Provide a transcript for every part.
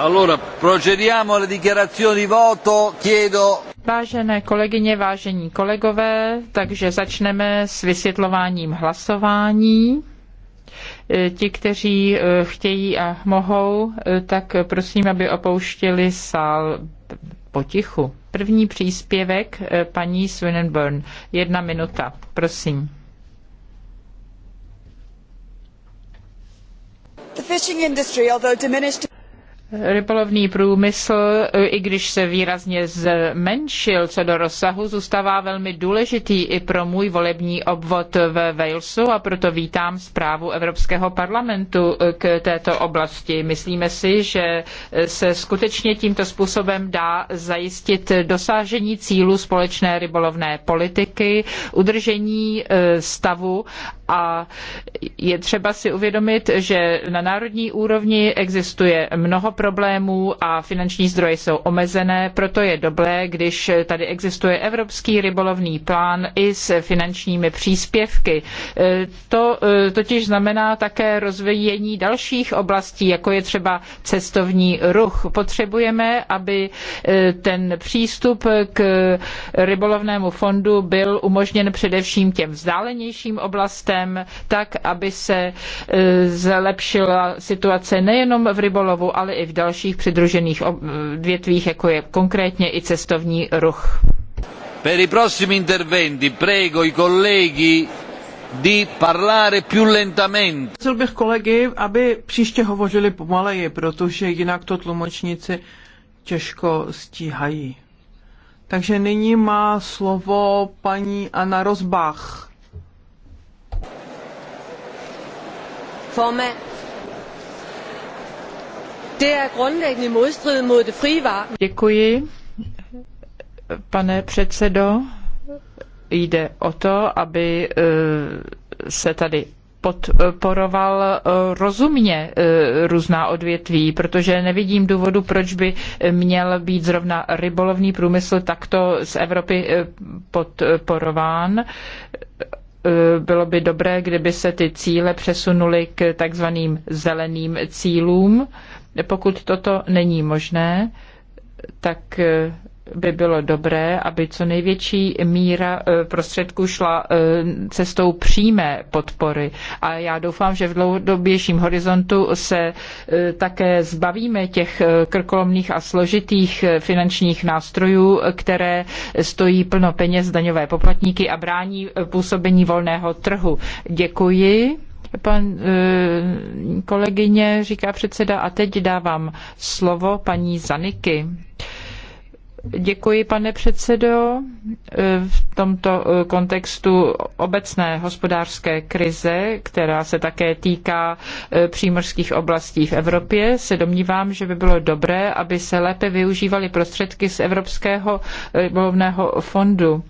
Allora, procediamo alle dichiarazioni voto, chiedo... Vážené kolegyně, vážení kolegové, takže začneme s vysvětlováním hlasování. E, ti, kteří e, chtějí a mohou, e, tak prosím, aby opouštěli sál potichu. První příspěvek paní Swinburne. Jedna minuta, prosím. The fishing industry, although diminished... Rybolovný průmysl, i když se výrazně zmenšil co do rozsahu, zůstává velmi důležitý i pro můj volební obvod ve Walesu a proto vítám zprávu Evropského parlamentu k této oblasti. Myslíme si, že se skutečně tímto způsobem dá zajistit dosažení cílu společné rybolovné politiky, udržení eh, stavu a je třeba si uvědomit, že na národní úrovni existuje mnoho problémů a finanční zdroje jsou omezené, proto je dobré, když tady existuje Evropský rybolovný plán i s finančními příspěvky. E, to e, totiž znamená také rozvíjení dalších oblastí, jako je třeba cestovní ruch. Potřebujeme, aby e, ten přístup k rybolovnému fondu byl umožněn především těm vzdálenějším oblastem, systém tak, aby se e, zlepšila situace nejenom v rybolovu, ale i v dalších přidružených odvětvích, jako je konkrétně i cestovní ruch. Per i prossimi interventi prego i colleghi di parlare più lentamente. Chtěl bych kolegy, aby příště hovořili pomaleji, protože jinak to tlumočníci těžko stíhají. Takže nyní má slovo paní Anna Rozbach. formand det er grundlæggende modstrid mod det frie Děkuji, pane předsedo. Jde o to, aby eh, se tady podporoval eh, rozumně eh, různá odvětví, protože nevidím důvodu, proč by měl být zrovna rybolovný průmysl takto z Evropy podporován Eh, bylo by dobré, kdyby se ty cíle přesunuly k takzvaným zeleným cílům. Pokud toto není možné, tak eh, by bylo dobré, aby co největší míra e, prostředků šla e, cestou přímé podpory. A já doufám, že v dlouhodobějším horizontu se e, také zbavíme těch krkolomných a složitých finančních nástrojů, které stojí plno peněz daňové poplatníky a brání působení volného trhu. Děkuji. Pan kolegyně, říká předseda, a teď dávám slovo paní Zaniky. Děkuji, pane předsedo. E, v tomto e, kontextu obecné hospodářské krize, která se také týká e, přímořských oblastí v Evropě, se domnívám, že by bylo dobré, aby se lépe využívaly prostředky z Evropského rybolovného fondu.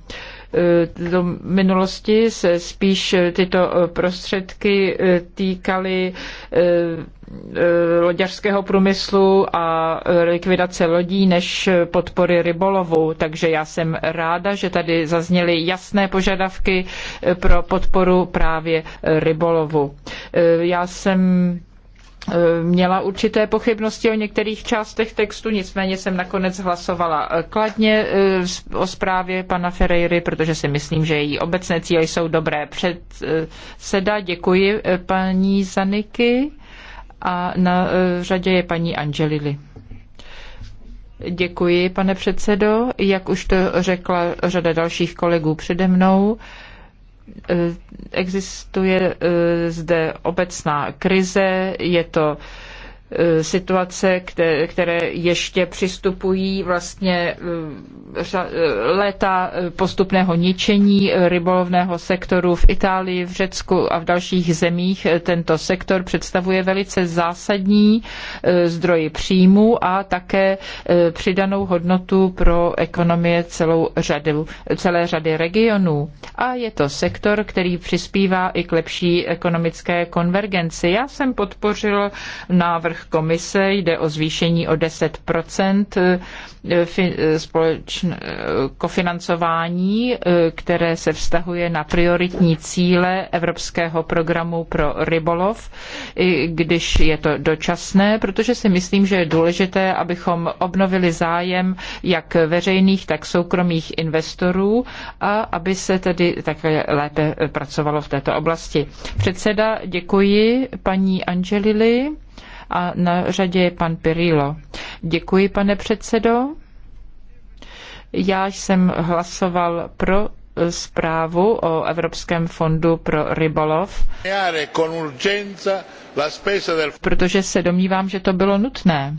Eh, do minulosti se spíš eh, tyto eh, prostředky týkaly loďařského průmyslu a likvidace lodí než podpory rybolovu. Takže já jsem ráda, že tady zazněly jasné požadavky pro podporu právě rybolovu. Já jsem Eh, měla určité pochybnosti o některých částech textu, nicméně jsem nakonec hlasovala eh, kladně eh, o zprávě pana Ferreiry, protože si myslím, že její obecné cíle jsou dobré. Předseda, děkuji paní Zaniky a na řadě je paní Angelili. Děkuji, pane předsedo. Jak už to řekla řada dalších kolegů přede mnou, Eh, existuje eh, zde obecná krize, je to E, situace, které ještě přistupují vlastně e, e, léta postupného ničení rybolovného sektoru v Itálii, v Řecku a v dalších zemích. Tento sektor představuje velice zásadní zdroj příjmu a také přidanou hodnotu pro ekonomie celou řadu, celé řady regionů. A je to sektor, který přispívá i k lepší ekonomické konvergenci. Já jsem podpořil návrh návrh komise jde o zvýšení o 10 eh, eh, eh, kofinancování, které se vztahuje na prioritní cíle Evropského programu pro rybolov, i když je to dočasné, protože si myslím, že je důležité, abychom obnovili zájem jak veřejných, tak soukromých investorů a aby se tedy také lépe pracovalo v této oblasti. Předseda, děkuji paní Angelili a na řadě je pan Pirilo. Děkuji, pane předsedo. Já jsem hlasoval pro zprávu o Evropském fondu pro rybolov, protože se domnívám, že to bylo nutné.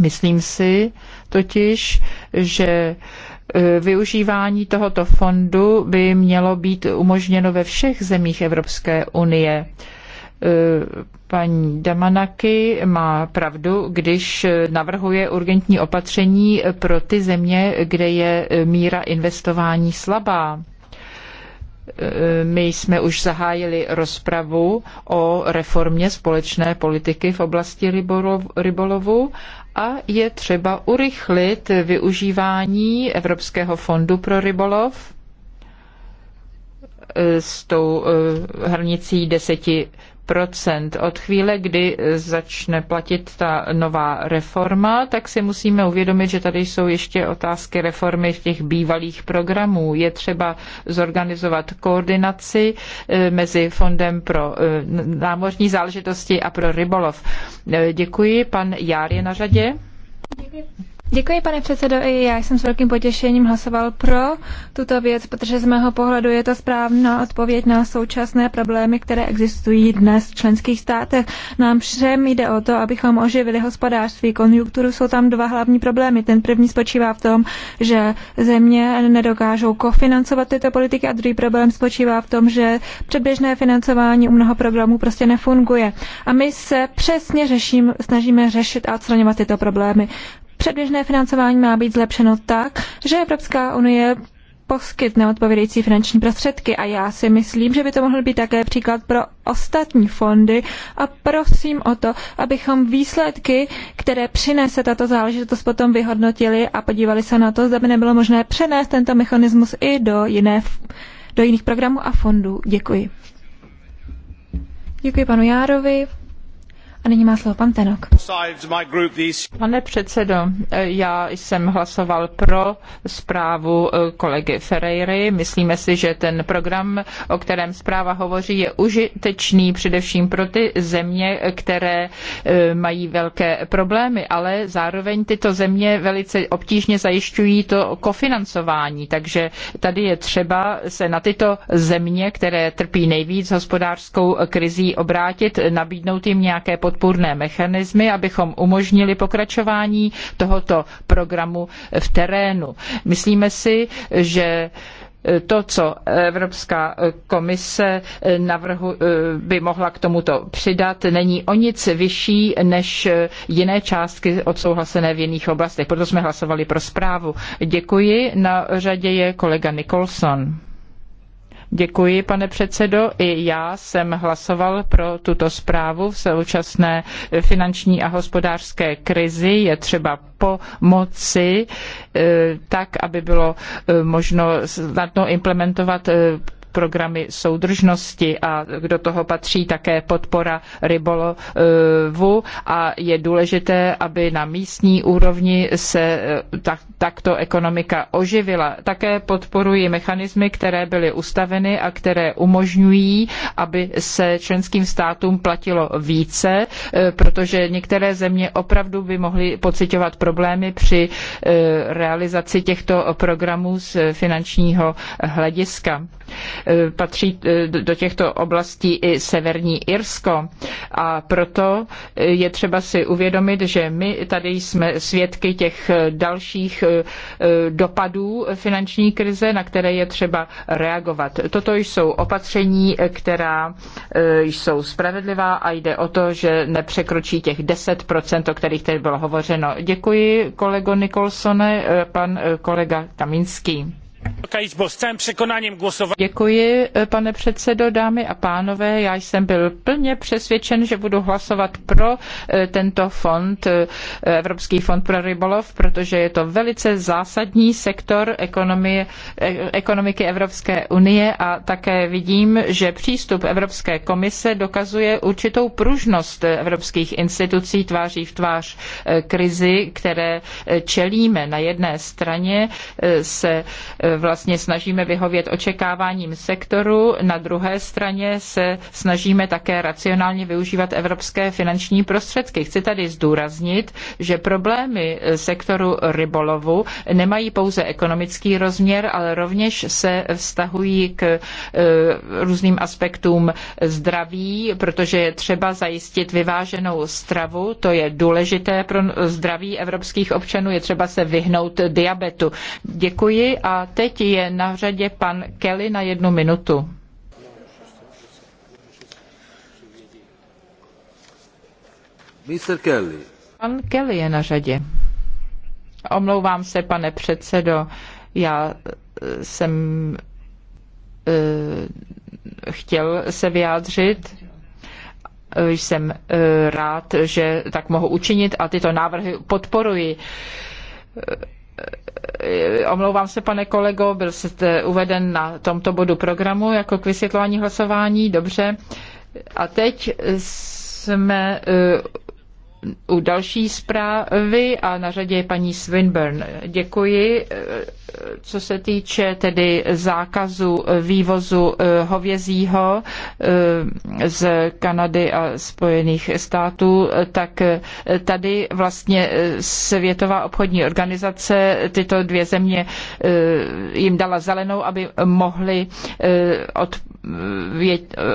Myslím si totiž, že e, využívání tohoto fondu by mělo být umožněno ve všech zemích Evropské unie E, paní Damanaky má pravdu, když navrhuje urgentní opatření pro ty země, kde je míra investování slabá. E, my jsme už zahájili rozpravu o reformě společné politiky v oblasti rybolovu a je třeba urychlit využívání Evropského fondu pro rybolov e, s tou hranicí 10 procent Od chvíle, kdy začne platit ta nová reforma, tak si musíme uvědomit, že tady jsou ještě otázky reformy těch bývalých programů. Je třeba zorganizovat koordinaci eh, mezi Fondem pro eh, námořní záležitosti a pro rybolov. Eh, děkuji. Pan Jár je na řadě. Děkuji. Děkuji, pane předsedo. I já jsem s velkým potěšením hlasoval pro tuto věc, protože z mého pohledu je to správná odpověď na současné problémy, které existují dnes v členských státech. Nám všem jde o to, abychom oživili hospodářství, konjunkturu. Jsou tam dva hlavní problémy. Ten první spočívá v tom, že země nedokážou kofinancovat tyto politiky a druhý problém spočívá v tom, že předběžné financování u mnoho programů prostě nefunguje. A my se přesně řeším, snažíme řešit a odstraňovat tyto problémy. Předběžné financování má být zlepšeno tak, že Evropská unie poskytne odpovědající finanční prostředky a já si myslím, že by to mohl být také příklad pro ostatní fondy a prosím o to, abychom výsledky, které přinese tato záležitost, potom vyhodnotili a podívali se na to, zda by nebylo možné přenést tento mechanismus i do, jiné, do jiných programů a fondů. Děkuji. Děkuji panu Járovi. A nyní má slovo pan Tenok. Pane předsedo, já jsem hlasoval pro zprávu eh, kolegy Ferreiry. Myslíme si, že ten program, o kterém zpráva hovoří, je užitečný především pro ty země, které eh, mají velké problémy, ale zároveň tyto země velice obtížně zajišťují to kofinancování. Takže tady je třeba se na tyto země, které trpí nejvíc hospodářskou krizí, obrátit, nabídnout jim nějaké podpory podpůrné mechanismy, abychom umožnili pokračování tohoto programu v terénu. Myslíme si, že e, to, co Evropská komise e, navrhu, e, by mohla k tomuto přidat, není o nic vyšší než jiné částky odsouhlasené v jiných oblastech. Proto jsme hlasovali pro zprávu. Děkuji. Na řadě je kolega Nicholson. Děkuji, pane předsedo. I já jsem hlasoval pro tuto zprávu v současné finanční a hospodářské krizi. Je třeba pomoci eh, tak, aby bylo eh, možno snadno implementovat eh, programy soudržnosti a do toho patří také podpora rybolovu a je důležité, aby na místní úrovni se eh, tak, takto ekonomika oživila. Také podporuji mechanismy, které byly ustaveny a které umožňují, aby se členským státům platilo více, eh, protože některé země opravdu by mohly pocitovat problémy při eh, realizaci těchto programů z finančního hlediska patří e, do těchto oblastí i severní Irsko. A proto je třeba si uvědomit, že my tady jsme svědky těch dalších e, dopadů finanční krize, na které je třeba reagovat. Toto jsou opatření, která e, jsou spravedlivá a jde o to, že nepřekročí těch 10%, o kterých tady bylo hovořeno. Děkuji kolego Nikolsone, pan kolega Kaminský. Děkuji, e, pane předsedo, dámy a pánové. Já jsem byl plně přesvědčen, že budu hlasovat pro e, tento fond, e, Evropský fond pro rybolov, protože je to velice zásadní sektor ekonomie, ekonomiky Evropské unie a také vidím, že přístup Evropské komise dokazuje určitou pružnost evropských institucí tváří v tvář krizi, které čelíme. Na jedné straně se vlastně snažíme vyhovět očekáváním sektoru, na druhé straně se snažíme také racionálně využívat evropské finanční prostředky. Chci tady zdůraznit, že problémy sektoru rybolovu nemají pouze ekonomický rozměr, ale rovněž se vztahují k e, různým aspektům zdraví, protože je třeba zajistit vyváženou stravu, to je důležité pro zdraví evropských občanů, je třeba se vyhnout diabetu. Děkuji a teď je na řadě pan Kelly na jednu minutu. Mr. Kelly. Pan Kelly je na řadě. Omlouvám se, pane předsedo, já eh, jsem uh, chtěl se vyjádřit jsem eh, rád, že tak mohu učinit a tyto návrhy podporuji. Eh, omlouvám se, pane kolego, byl jste uveden na tomto bodu programu jako k vysvětlování hlasování, dobře. A teď jsme eh, u další zprávy a na řadě je paní Swinburne. Děkuji. Eh, co se týče tedy zákazu vývozu eh, hovězího eh, z Kanady a Spojených států, tak tady vlastně Světová obchodní organizace tyto dvě země jim dala zelenou, aby mohly od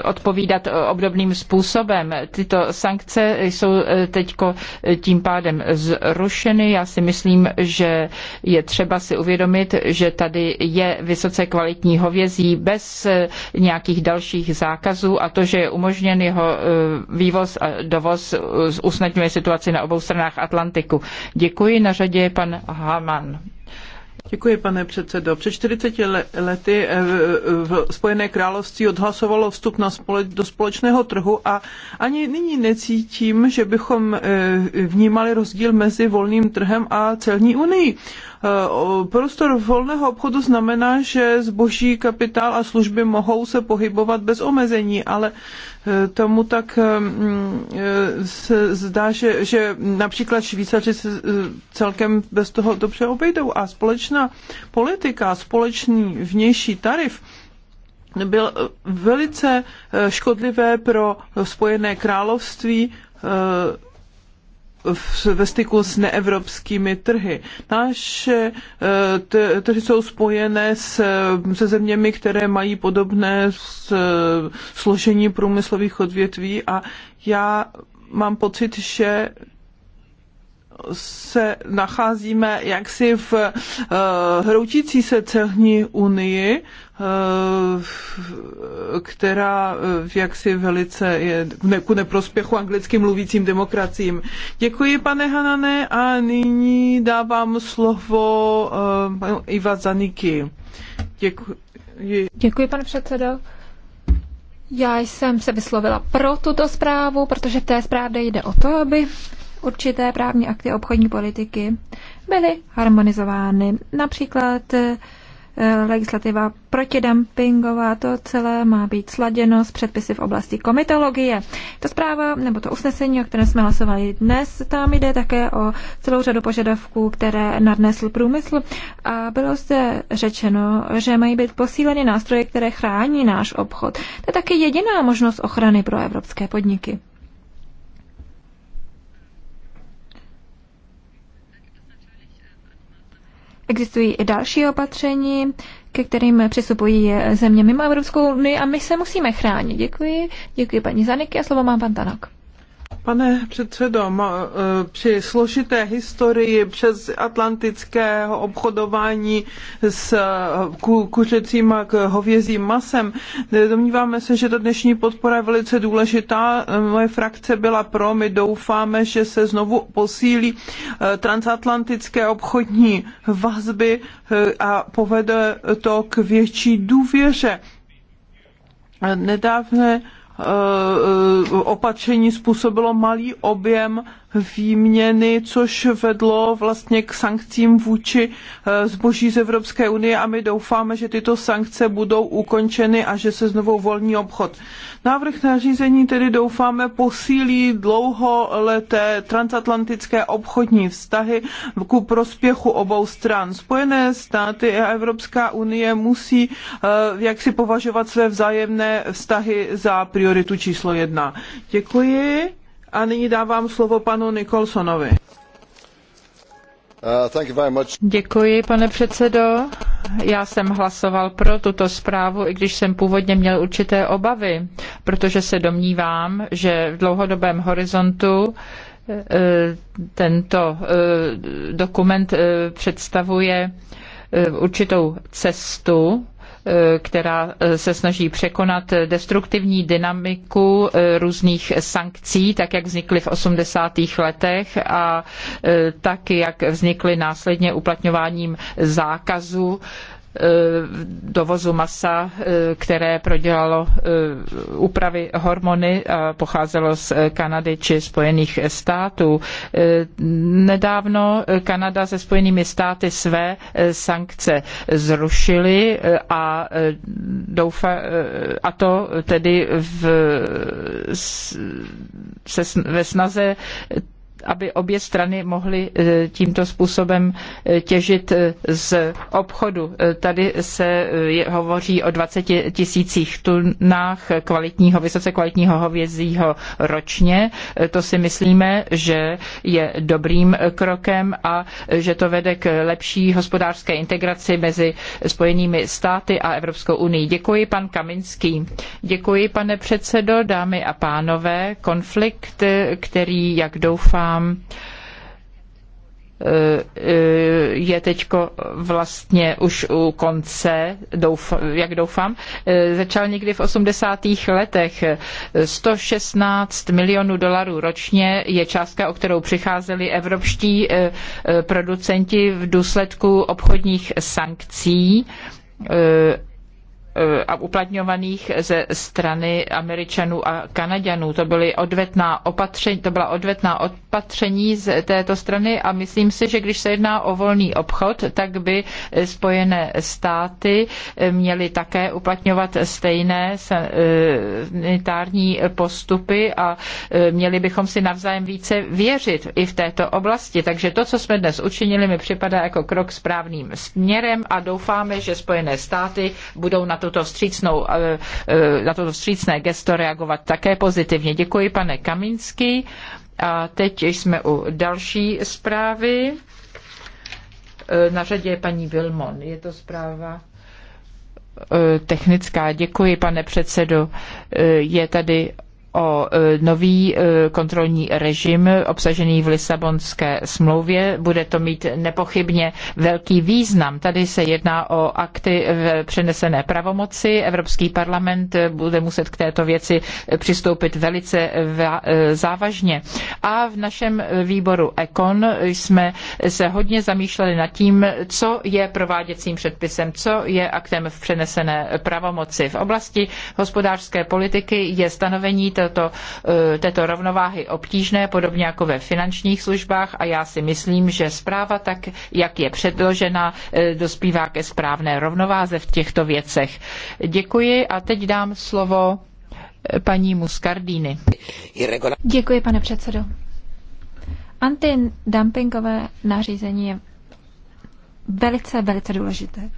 odpovídat obdobným způsobem. Tyto sankce jsou teď tím pádem zrušeny. Já si myslím, že je třeba si uvědomit, že tady je vysoce kvalitní hovězí bez nějakých dalších zákazů a to, že je umožněn jeho eh, vývoz a dovoz, eh, usnadňuje situaci na obou stranách Atlantiku. Děkuji. Na řadě je pan Haman. Děkuji, pane předsedo. Před 40 lety eh, v Spojené království odhlasovalo vstup na spole, do společného trhu a ani nyní necítím, že bychom eh, vnímali rozdíl mezi volným trhem a celní unii. Eh, prostor volného obchodu znamená, že zboží, kapitál a služby mohou se pohybovat bez omezení, ale Eh, tomu tak eh, mm, eh, se zdá, že, že například Švýcaři se celkem bez toho dobře obejdou a společná politika, společný vnější tarif byl velice škodlivé pro Spojené království ve styku s neevropskými trhy. Naše eh, trhy jsou spojené s, se zeměmi, které mají podobné složení průmyslových odvětví a já mám pocit, že se nacházíme jaksi v eh, hroutící se celní unii, eh, která eh, jaksi velice je ku neprospěchu anglickým mluvícím demokraciím. Děkuji, pane Hanane, a nyní dávám slovo panu Iva Zaniky. Děkuji. Děkuji, pane předsedo. Já jsem se vyslovila pro tuto zprávu, protože v té zprávě jde o to, aby určité právní akty obchodní politiky byly harmonizovány. Například eh, legislativa protidumpingová, to celé má být sladěno s předpisy v oblasti komitologie. Ta zpráva nebo to usnesení, o kterém jsme hlasovali dnes, tam jde také o celou řadu požadavků, které nadnesl průmysl a bylo zde řečeno, že mají být posíleny nástroje, které chrání náš obchod. To je také jediná možnost ochrany pro evropské podniky. Existují i další opatření, ke kterým přistupují země mimo Evropskou unii a my se musíme chránit. Děkuji. Děkuji paní Zaniky a slovo má pan Tanok. Pane předsedo, eh, při složité historii přes atlantického obchodování s eh, kuřecím a hovězím masem, eh, domníváme se, že ta dnešní podpora je velice důležitá. Moje frakce byla pro, my doufáme, že se znovu posílí transatlantické obchodní vazby a povede to k větší důvěře. Nedávné Eh, eh, opatření způsobilo malý objem výměny, což vedlo vlastně k sankcím vůči eh, zboží z Evropské unie a my doufáme, že tyto sankce budou ukončeny a že se znovu volní obchod. Návrh nařízení tedy doufáme posílí dlouholeté transatlantické obchodní vztahy ku prospěchu obou stran. Spojené státy a Evropská unie musí eh, jak si považovat své vzájemné vztahy za prioritu číslo jedna. Děkuji. A nyní dávám slovo panu Nikolsonovi. Uh, Děkuji, pane předsedo. Já jsem hlasoval pro tuto zprávu, i když jsem původně měl určité obavy, protože se domnívám, že v dlouhodobém horizontu eh, tento eh, dokument eh, představuje určitou cestu Eh, která eh, se snaží překonat destruktivní dynamiku eh, různých sankcí, tak jak vznikly v 80. letech a tak, jak vznikly následně uplatňováním zákazu Eh, dovozu masa, eh, které prodělalo eh, úpravy hormony a pocházelo z Kanady či Spojených států. Nedávno Kanada se Spojenými státy své sankce zrušily a, doufa, a to tedy v, se, ve snaze aby obě strany mohly eh, tímto způsobem eh, těžit eh, z obchodu. Tady se hovoří o 20 tisících tunách kvalitního, vysoce kvalitního hovězího ročně. To si myslíme, že je dobrým krokem a že to vede k lepší hospodářské integraci mezi Spojenými státy a Evropskou unii. Děkuji, pan Kaminský. Děkuji, pane předsedo, dámy a pánové. Konflikt, který, jak doufám, nám eh, eh, je teď vlastně už u konce, douf, jak doufám, eh, začal někdy v 80. letech. 116 milionů dolarů ročně je částka, o kterou přicházeli evropští producenti v důsledku obchodních sankcí Eh, a uplatňovaných ze strany Američanů a Kanaďanů. To, byly odvetná opatření, to byla odvetná opatření z této strany a myslím si, že když se jedná o volný obchod, tak by eh, Spojené státy eh, měly také uplatňovat stejné sanitární postupy a měli bychom si navzájem více věřit i v této oblasti. Takže to, co jsme dnes učinili, mi připadá jako krok správným směrem a doufáme, že Spojené státy budou na tuto vstřícnou, eh, eh, na toto vstřícné gesto reagovat také pozitivně. Děkuji, pane Kaminský. A teď jsme u další zprávy. Eh, na řadě je paní Vilmon. Je to zpráva technická. Děkuji, pane předsedo. Je tady o e, nový e, kontrolní režim obsažený v Lisabonské smlouvě. Bude to mít nepochybně velký význam. Tady se jedná o akty v přenesené pravomoci. Evropský parlament bude muset k této věci přistoupit velice e, závažně. A v našem výboru ECON jsme se hodně zamýšleli nad tím, co je prováděcím předpisem, co je aktem v přenesené pravomoci. V oblasti hospodářské politiky je stanovení této, eh, této rovnováhy obtížné, podobně jako ve finančních službách a já si myslím, že zpráva tak, jak je předložena, eh, dospívá ke správné rovnováze v těchto věcech. Děkuji a teď dám slovo eh, paní Muscardini. Děkuji, pane předsedo. Antidumpingové nařízení je velice, velice důležité.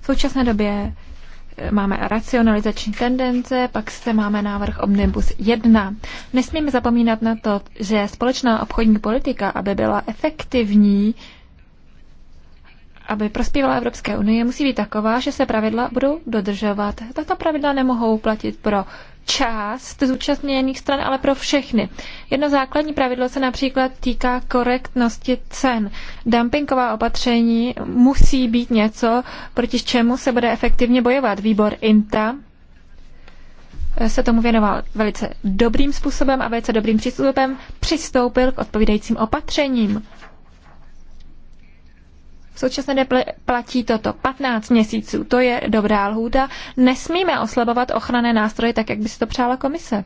V současné době máme racionalizační tendence, pak se máme návrh Omnibus 1. Nesmíme zapomínat na to, že společná obchodní politika, aby byla efektivní, aby prospívala Evropské unie, musí být taková, že se pravidla budou dodržovat. Tato pravidla nemohou platit pro část zúčastněných stran, ale pro všechny. Jedno základní pravidlo se například týká korektnosti cen. Dumpingová opatření musí být něco, proti čemu se bude efektivně bojovat. Výbor INTA se tomu věnoval velice dobrým způsobem a velice dobrým přístupem přistoupil k odpovídajícím opatřením. V současné době platí toto 15 měsíců. To je dobrá lhůta. Nesmíme oslabovat ochranné nástroje tak, jak by si to přála komise.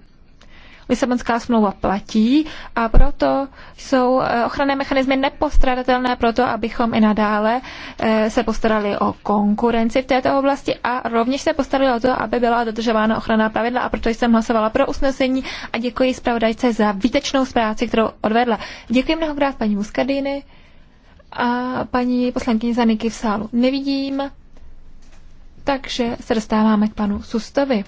Lisabonská smlouva platí a proto jsou eh, ochranné mechanismy nepostradatelné proto, abychom i nadále eh, se postarali o konkurenci v této oblasti a rovněž se postarali o to, aby byla dodržována ochranná pravidla a proto jsem hlasovala pro usnesení a děkuji zpravodajce za výtečnou práci, kterou odvedla. Děkuji mnohokrát paní Muscadini a paní poslankyně Zaniky v sálu nevidím, takže se dostáváme k panu Sustovi.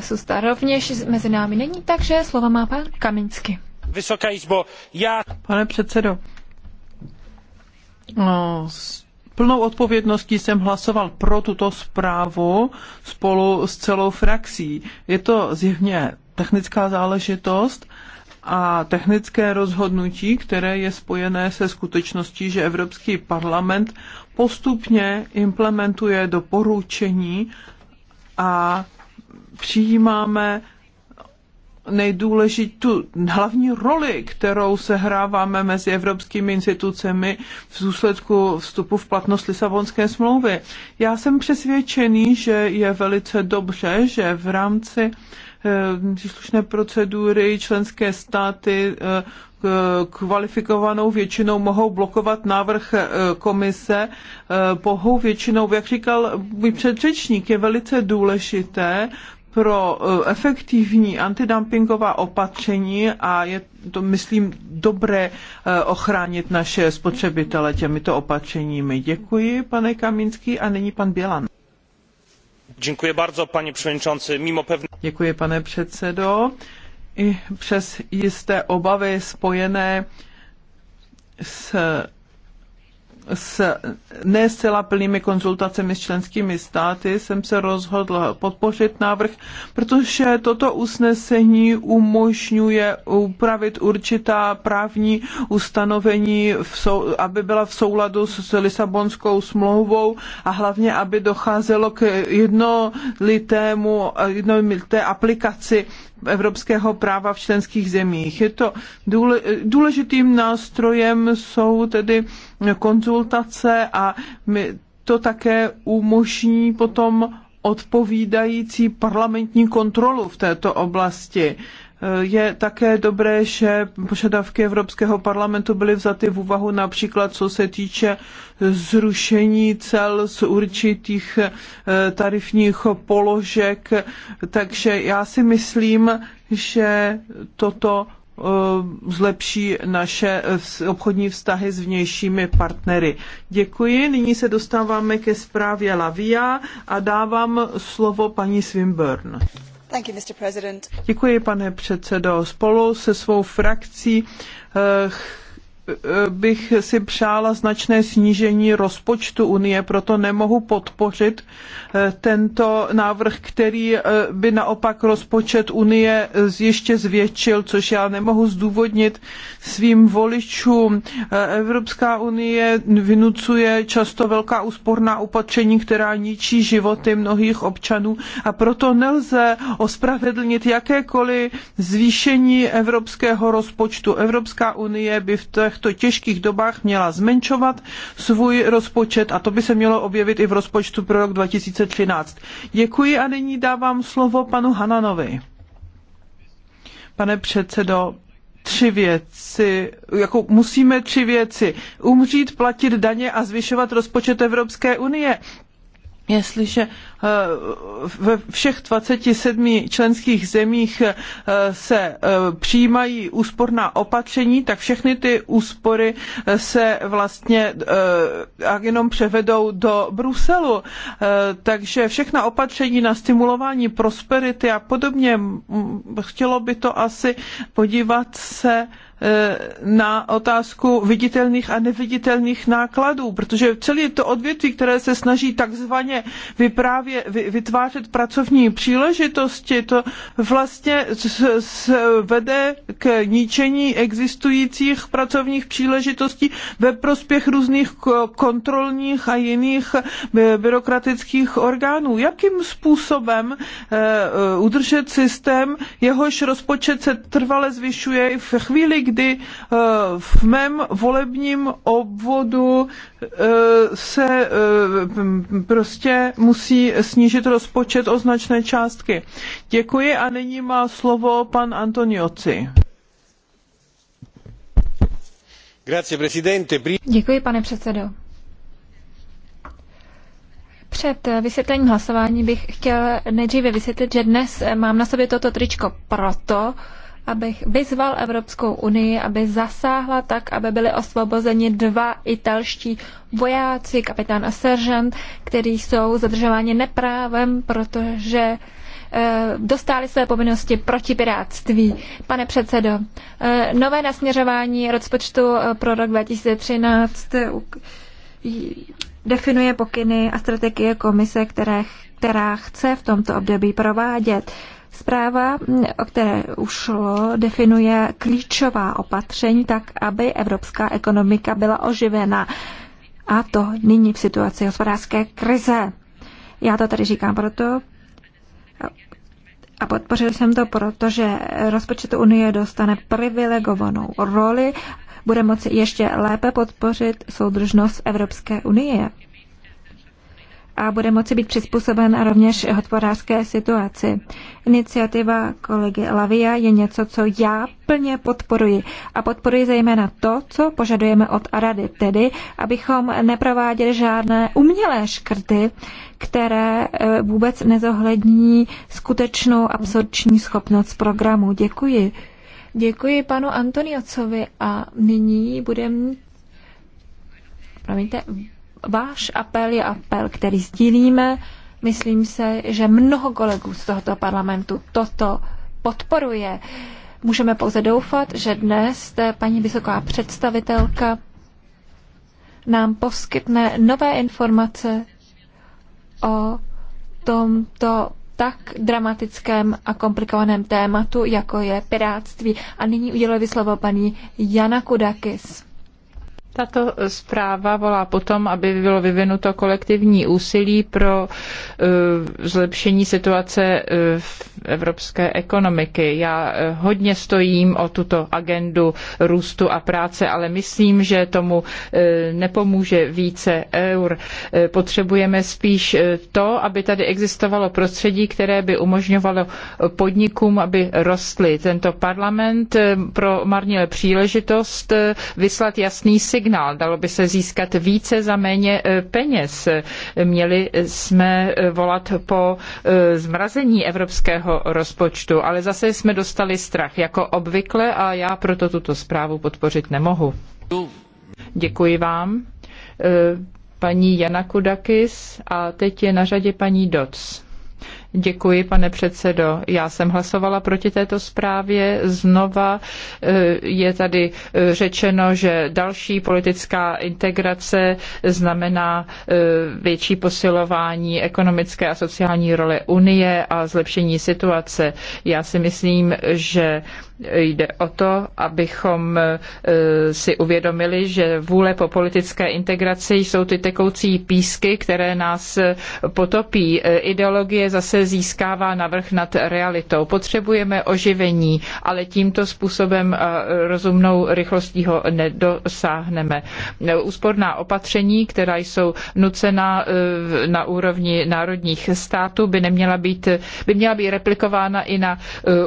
Susta rovněž mezi námi není, takže slova má pan Kaminsky. Vysoká izbo, já... Pane předsedo, no, s plnou odpovědností jsem hlasoval pro tuto zprávu spolu s celou frakcí. Je to zjevně technická záležitost, a technické rozhodnutí, které je spojené se skutečností, že Evropský parlament postupně implementuje doporučení a přijímáme nejdůležitou tu hlavní roli, kterou sehráváme mezi evropskými institucemi v důsledku vstupu v platnost Lisabonské smlouvy. Já jsem přesvědčený, že je velice dobře, že v rámci Eh, příslušné procedury, členské státy eh, kvalifikovanou většinou mohou blokovat návrh eh, komise. Pohou většinou, jak říkal můj předřečník, je velice důležité pro efektivní antidumpingová opatření a je to, myslím, dobré ochránit naše spotřebitele těmito opatřeními. Děkuji, pane Kamínský, a nyní pan Bělan. Děkuji, pane předsedo. I přes jisté obavy spojené s s ne zcela plnými konzultacemi s členskými státy jsem se rozhodla podpořit návrh, protože toto usnesení umožňuje upravit určitá právní ustanovení, aby byla v souladu s Lisabonskou smlouvou a hlavně, aby docházelo k jednolitému, jednolité aplikaci evropského práva v členských zemích. Je to důležitým nástrojem jsou tedy konzultace a my to také umožní potom odpovídající parlamentní kontrolu v této oblasti. Je také dobré, že požadavky Evropského parlamentu byly vzaty v úvahu například co se týče zrušení cel z určitých eh, tarifních položek, takže já si myslím, že toto Eh, zlepší naše obchodní vztahy s vnějšími partnery. Děkuji. Nyní se dostáváme ke zprávě Lavia a dávám slovo paní Swinburne. You, Děkuji, pane předsedo. Spolu se svou frakcí eh, bych si přála značné snížení rozpočtu Unie, proto nemohu podpořit eh, tento návrh, který eh, by naopak rozpočet Unie eh, ještě zvětšil, což já nemohu zdůvodnit svým voličům. Evropská unie vynucuje často velká úsporná opatření, která ničí životy mnohých občanů a proto nelze ospravedlnit jakékoliv zvýšení evropského rozpočtu. Evropská unie by v těch těchto těžkých dobách měla zmenšovat svůj rozpočet a to by se mělo objevit i v rozpočtu pro rok 2013. Děkuji a nyní dávám slovo panu Hananovi. Pane předsedo, tři věci, jako musíme tři věci. Umřít, platit daně a zvyšovat rozpočet Evropské unie. Jestliže eh, ve všech 27 členských zemích eh, se eh, přijímají úsporná opatření, tak všechny ty úspory se vlastně jenom převedou do Bruselu. Takže všechna opatření na stimulování prosperity a podobně, chtělo by to asi podívat se Eh, na otázku viditelných a neviditelných nákladů, protože celé to odvětví, které se snaží takzvaně vyprávě, vytvářet pracovní příležitosti, to vlastně vede k ničení existujících pracovních příležitostí ve prospěch různých kontrolních a jiných eh, byrokratických orgánů. Jakým způsobem eh, udržet systém, jehož rozpočet se trvale zvyšuje v chvíli, kdy eh, v mém volebním obvodu eh, se eh, prostě musí snížit rozpočet o značné částky. Děkuji a nyní má slovo pan Antonioci. Děkuji, pane předsedo. Před vysvětlením hlasování bych chtěl nejdříve vysvětlit, že dnes mám na sobě toto tričko proto, abych vyzval Evropskou unii, aby zasáhla tak, aby byly osvobozeni dva italští vojáci, kapitán a seržant, kteří jsou zadržováni neprávem, protože eh, dostali své povinnosti proti piráctví. Pane předsedo, eh, nové nasměřování rozpočtu eh, pro rok 2013 definuje pokyny a strategie komise, které, která chce v tomto období provádět. Zpráva, o které ušlo, definuje klíčová opatření tak, aby evropská ekonomika byla oživena. A to nyní v situaci hospodářské krize. Já to tady říkám proto, a podpořil jsem to proto, že rozpočet Unie dostane privilegovanou roli, bude moci ještě lépe podpořit soudržnost Evropské unie a bude moci být přizpůsoben rovněž hospodářské situaci. Iniciativa kolegy Lavia je něco, co já plně podporuji. A podporuji zejména to, co požadujeme od Arady, tedy abychom neprováděli žádné umělé škrty, které eh, vůbec nezohlední skutečnou absorpční schopnost programu. Děkuji. Děkuji panu Antoniocovi a nyní budeme promiňte, váš apel je apel, který sdílíme. Myslím se, že mnoho kolegů z tohoto parlamentu toto podporuje. Můžeme pouze doufat, že dnes paní vysoká představitelka nám poskytne nové informace o tomto tak dramatickém a komplikovaném tématu, jako je pirátství. A nyní uděluji slovo paní Jana Kudakis. Tato zpráva volá potom, aby bylo vyvinuto kolektivní úsilí pro eh, zlepšení situace eh, v evropské ekonomiky. Já eh, hodně stojím o tuto agendu růstu a práce, ale myslím, že tomu nepomůže více eur. Potřebujeme spíš to, aby tady existovalo prostředí, které by umožňovalo podnikům, aby rostly. Tento parlament pro marnil příležitost vyslat jasný signál signál. Dalo by se získat více za méně e, peněz. Měli jsme e, volat po e, zmrazení evropského rozpočtu, ale zase jsme dostali strach, jako obvykle, a já proto tuto zprávu podpořit nemohu. Děkuji vám. Paní Jana Kudakis a teď je na řadě paní Doc. Děkuji, pane předsedo. Já jsem hlasovala proti této zprávě. Znova eh, je tady eh, řečeno, že další politická integrace znamená eh, větší posilování ekonomické a sociální role Unie a zlepšení situace. Já si myslím, že Jde o to, abychom e, si uvědomili, že vůle po politické integraci jsou ty tekoucí písky, které nás e, potopí. E, ideologie zase získává navrh nad realitou. Potřebujeme oživení, ale tímto způsobem rozumnou rychlostí ho nedosáhneme. Úsporná opatření, která jsou nucena na úrovni národních států, by neměla být, by měla být replikována i na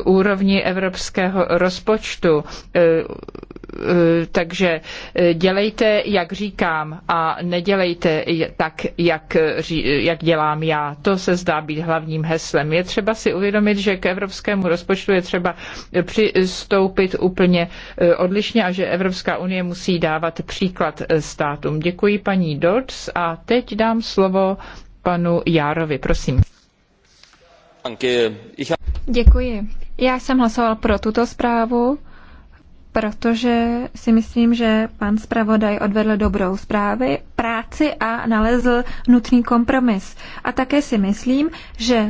úrovni evropského státního rozpočtu. E, e, takže e, dělejte, jak říkám, a nedělejte tak, jak, jak dělám já. To se zdá být hlavním heslem. Je třeba si uvědomit, že k evropskému rozpočtu je třeba přistoupit úplně odlišně a že Evropská unie musí dávat příklad státům. Děkuji paní Dodds a teď dám slovo panu Járovi. Prosím. Děkuji. Děkuji. Já jsem hlasoval pro tuto zprávu, protože si myslím, že pan zpravodaj odvedl dobrou zprávy, práci a nalezl nutný kompromis. A také si myslím, že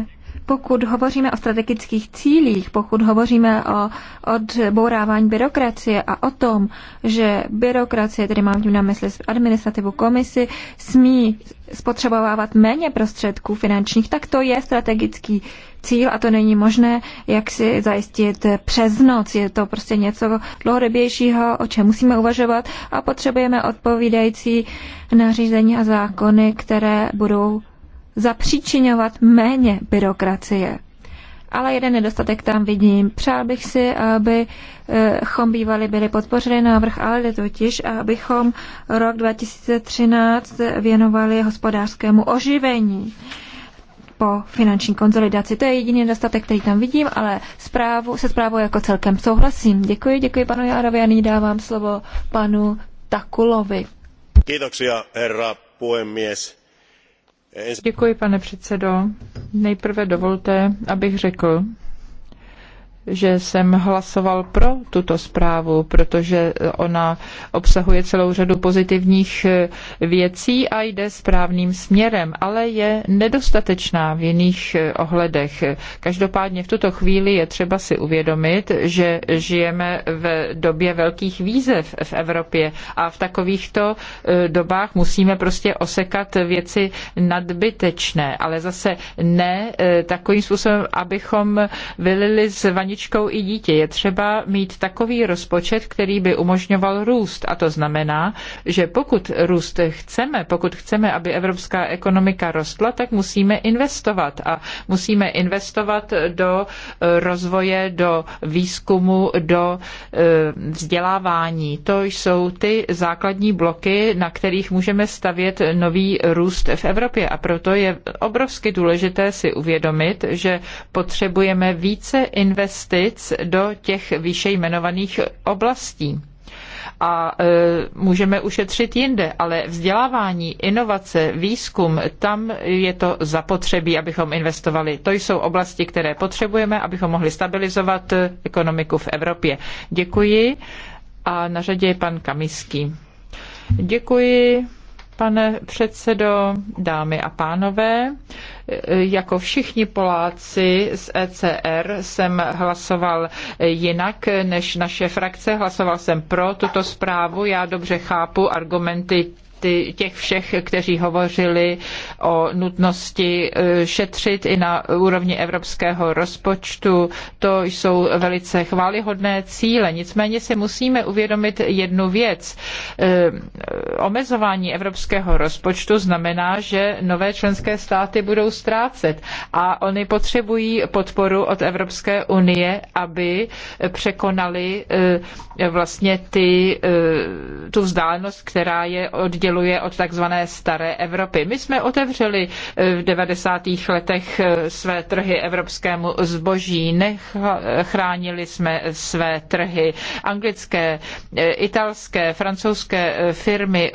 pokud hovoříme o strategických cílích, pokud hovoříme o odbourávání byrokracie a o tom, že byrokracie, tedy mám tím na mysli administrativu komisy, smí spotřebovávat méně prostředků finančních, tak to je strategický cíl a to není možné, jak si zajistit přes noc. Je to prostě něco dlouhodobějšího, o čem musíme uvažovat a potřebujeme odpovídající nařízení a zákony, které budou zapříčinovat méně byrokracie. Ale jeden nedostatek tam vidím. Přál bych si, abychom eh, bývali byli podpořili návrh, ale jde totiž, abychom rok 2013 věnovali hospodářskému oživení po finanční konzolidaci. To je jediný nedostatek, který tam vidím, ale zprávu, se zprávou jako celkem souhlasím. Děkuji, děkuji panu Jarovi. a nyní dávám slovo panu Takulovi. Kiitoksia, herra puhemies Děkuji, pane předsedo. Nejprve dovolte, abych řekl, že jsem hlasoval pro tuto zprávu, protože ona obsahuje celou řadu pozitivních věcí a jde správným směrem, ale je nedostatečná v jiných ohledech. Každopádně v tuto chvíli je třeba si uvědomit, že žijeme v době velkých výzev v Evropě a v takovýchto eh, dobách musíme prostě osekat věci nadbytečné, ale zase ne eh, takovým způsobem, abychom vylili z vaničky babičkou i dítě. Je třeba mít takový rozpočet, který by umožňoval růst. A to znamená, že pokud růst chceme, pokud chceme, aby evropská ekonomika rostla, tak musíme investovat. A musíme investovat do rozvoje, do výzkumu, do e, vzdělávání. To jsou ty základní bloky, na kterých můžeme stavět nový růst v Evropě. A proto je obrovsky důležité si uvědomit, že potřebujeme více invest investic do těch výše jmenovaných oblastí a e, můžeme ušetřit jinde, ale vzdělávání, inovace, výzkum, tam je to zapotřebí, abychom investovali. To jsou oblasti, které potřebujeme, abychom mohli stabilizovat e, ekonomiku v Evropě. Děkuji a na řadě je pan Kamiský. Děkuji pane předsedo, dámy a pánové. Jako všichni Poláci z ECR jsem hlasoval jinak než naše frakce. Hlasoval jsem pro tuto zprávu. Já dobře chápu argumenty ty, těch všech, kteří hovořili o nutnosti e, šetřit i na úrovni evropského rozpočtu. To jsou velice chválihodné cíle. Nicméně si musíme uvědomit jednu věc. E, omezování evropského rozpočtu znamená, že nové členské státy budou ztrácet a oni potřebují podporu od Evropské unie, aby překonali e, vlastně ty, tu vzdálenost, která je oddělená odděluje od takzvané staré Evropy. My jsme otevřeli eh, v 90. letech eh, své trhy evropskému zboží, nechránili jsme své trhy. Anglické, eh, italské, francouzské firmy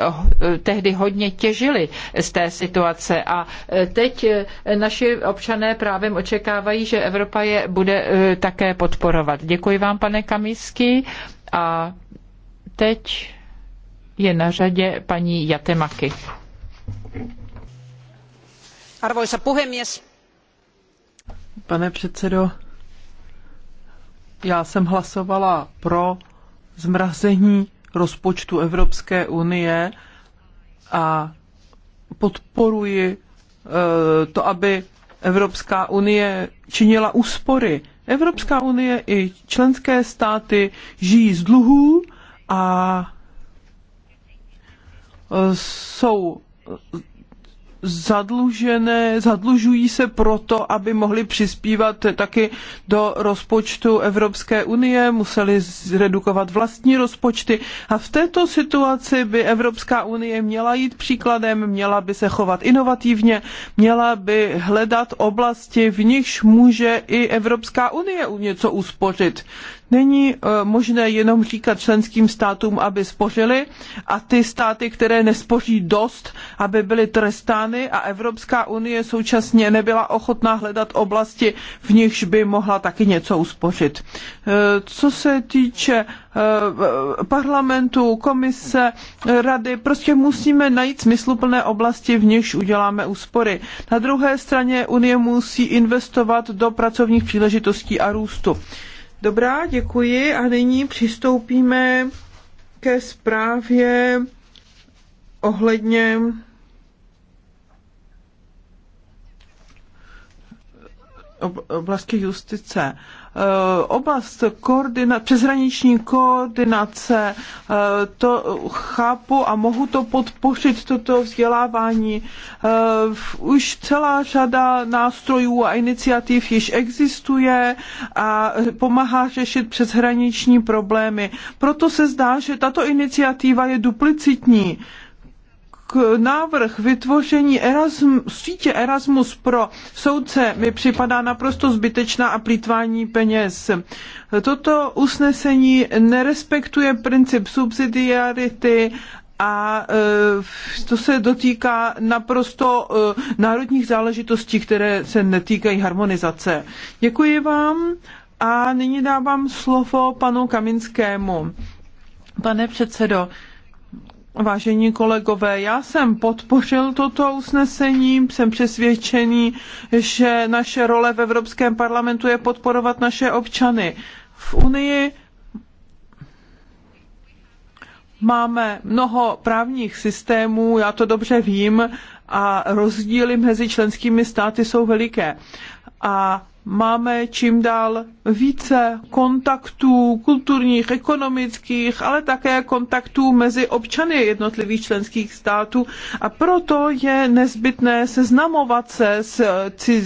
tehdy hodně těžily z té situace a teď naši občané právem očekávají, že Evropa je bude také podporovat. Děkuji vám, pane Kamisky. A teď je na řadě paní Jatemaky. Arvoisa puhemies. Pane předsedo, já jsem hlasovala pro zmrazení rozpočtu Evropské unie a podporuji eh, to, aby Evropská unie činila úspory. Evropská unie i členské státy žijí z dluhů a jsou zadlužené, zadlužují se proto, aby mohli přispívat taky do rozpočtu Evropské unie, museli zredukovat vlastní rozpočty a v této situaci by Evropská unie měla jít příkladem, měla by se chovat inovativně, měla by hledat oblasti, v nichž může i Evropská unie něco uspořit. Není eh, možné jenom říkat členským státům, aby spořili a ty státy, které nespoří dost, aby byly trestány a Evropská unie současně nebyla ochotná hledat oblasti, v nichž by mohla taky něco uspořit. Eh, co se týče eh, parlamentu, komise, rady, prostě musíme najít smysluplné oblasti, v nichž uděláme úspory. Na druhé straně Unie musí investovat do pracovních příležitostí a růstu. Dobrá, děkuji a nyní přistoupíme ke zprávě ohledně oblasti justice. Eh, oblast koordina- přeshraniční koordinace, eh, to chápu a mohu to podpořit, toto vzdělávání. Eh, už celá řada nástrojů a iniciativ již existuje a pomáhá řešit přeshraniční problémy. Proto se zdá, že tato iniciativa je duplicitní návrh vytvoření Erasmus sítě Erasmus pro soudce mi připadá naprosto zbytečná a plítvání peněz. Toto usnesení nerespektuje princip subsidiarity a e, to se dotýká naprosto e, národních záležitostí, které se netýkají harmonizace. Děkuji vám a nyní dávám slovo panu Kaminskému. Pane předsedo, Vážení kolegové, já jsem podpořil toto usnesení, jsem přesvědčený, že naše role v Evropském parlamentu je podporovat naše občany. V Unii máme mnoho právních systémů, já to dobře vím, a rozdíly mezi členskými státy jsou veliké. A máme čím dál více kontaktů kulturních, ekonomických, ale také kontaktů mezi občany jednotlivých členských států a proto je nezbytné seznamovat se s